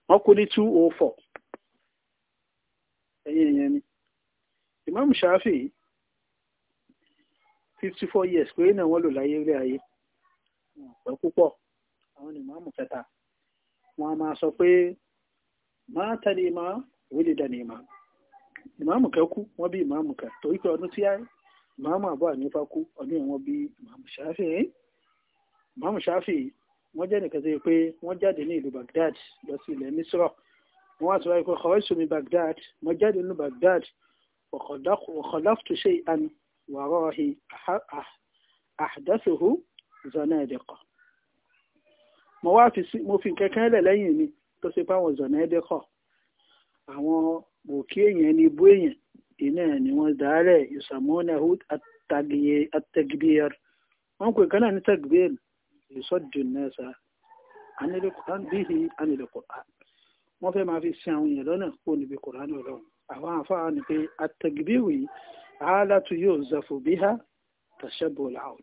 wọ́n kú ní two oh four ẹ̀yìn ẹ̀yẹn ni imam ṣáfì fifty four years pé náà wọ́n lò láyé rí ayé pẹ́ púpọ̀ àwọn ni mam kẹta wọn a máa sọ pé máa tẹ̀lé ìmọ̀ wílì dẹni ìmọ̀ ìmáàmù kan kú wọ́n bí ìmáàmù kan torí pé ọdún tí ìmáàmù àbọ̀ ànífà kú ọdún yẹn wọ́n bí ìmáàmù ṣáfì yìí ìmáàmù ṣáfì wọ́n jẹ́ nìkan tó yẹ pé wọ́n jáde ní ìlú Baghdad lọ sí ilẹ̀ Misra wọ́n wá sọ wáyé pé ọ̀rọ̀ ìsúnmi Baghdad wọ́n jáde nínú Baghdad ọ̀kọ̀dáfù àn wàrọ̀ àhàdásòhù zanadiqa mo wá fi sí mo fi kẹ̀kẹ́ lẹ̀ lẹ́yìn mi tó ṣe pé àwọn zọ̀nà ẹ̀dẹ́ kọ̀ àwọn òkè èèyàn ní ibú èèyàn iná ni wọ́n dàárẹ̀ ìsàmúnà àtàgbéyàr wọn kò kánà ní tàgbéyàr ìsọdùnẹ́sà bíhi anìlẹ̀ kọ̀ọ̀án wọ́n fẹ́ máa fi sin àwọn èèyàn lọ́nà kó níbi kọ̀ọ̀án ọlọ́run àwọn àfáà ni pé àtàgbéyàr yìí àálàtú yóò zàfò bí ha tàṣẹ́bù làwọn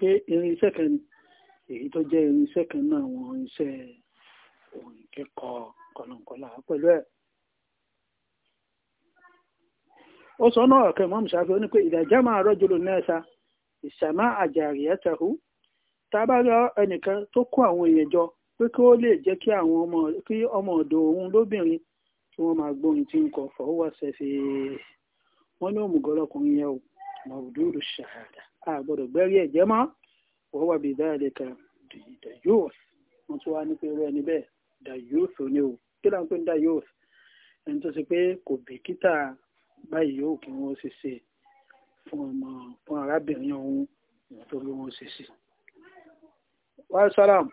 pé irin iṣẹ́ kan ni èyí tó jẹ́ irinṣẹ́ kan náà àwọn irinṣẹ́ òun ìkẹ́kọ̀ọ́ kọlọ̀ǹkọlà pẹ̀lú ẹ̀. ó sọ náà ọ̀kẹ́ mọ́mù ṣáfi ó ní pé ìdájá máa rọ́jò lò náà ìṣàmá àjàrí ẹ̀tẹ̀hú tá a bá rọ ẹnìkan tó kó àwọn èèyàn jọ pé kí ó lè jẹ́ kí àwọn ọmọ kí ọmọ ọ̀dọ̀ òun lóbìnrin tí wọ́n máa gbóhun tí ń kọ fọwọ́ ṣẹ̀ṣẹ̀ wọ́n ní òmùgọ́lọ́kùnrin yẹn o gbẹ́rí ẹ̀jẹ̀ wọ́n wà bí dáàlẹ́ka dayos wọ́n tún wá ní pé irú ẹni bẹ́ẹ̀ dayos ò ní o kí ló ń pè ní dayos ẹni tó ṣe pé kò bìkítà báyìí yóò kí wọ́n ṣe ṣe fún ọmọ fún arábìnrin ọ̀hún nítorí wọ́n ṣe ṣe. wàá sálàmù.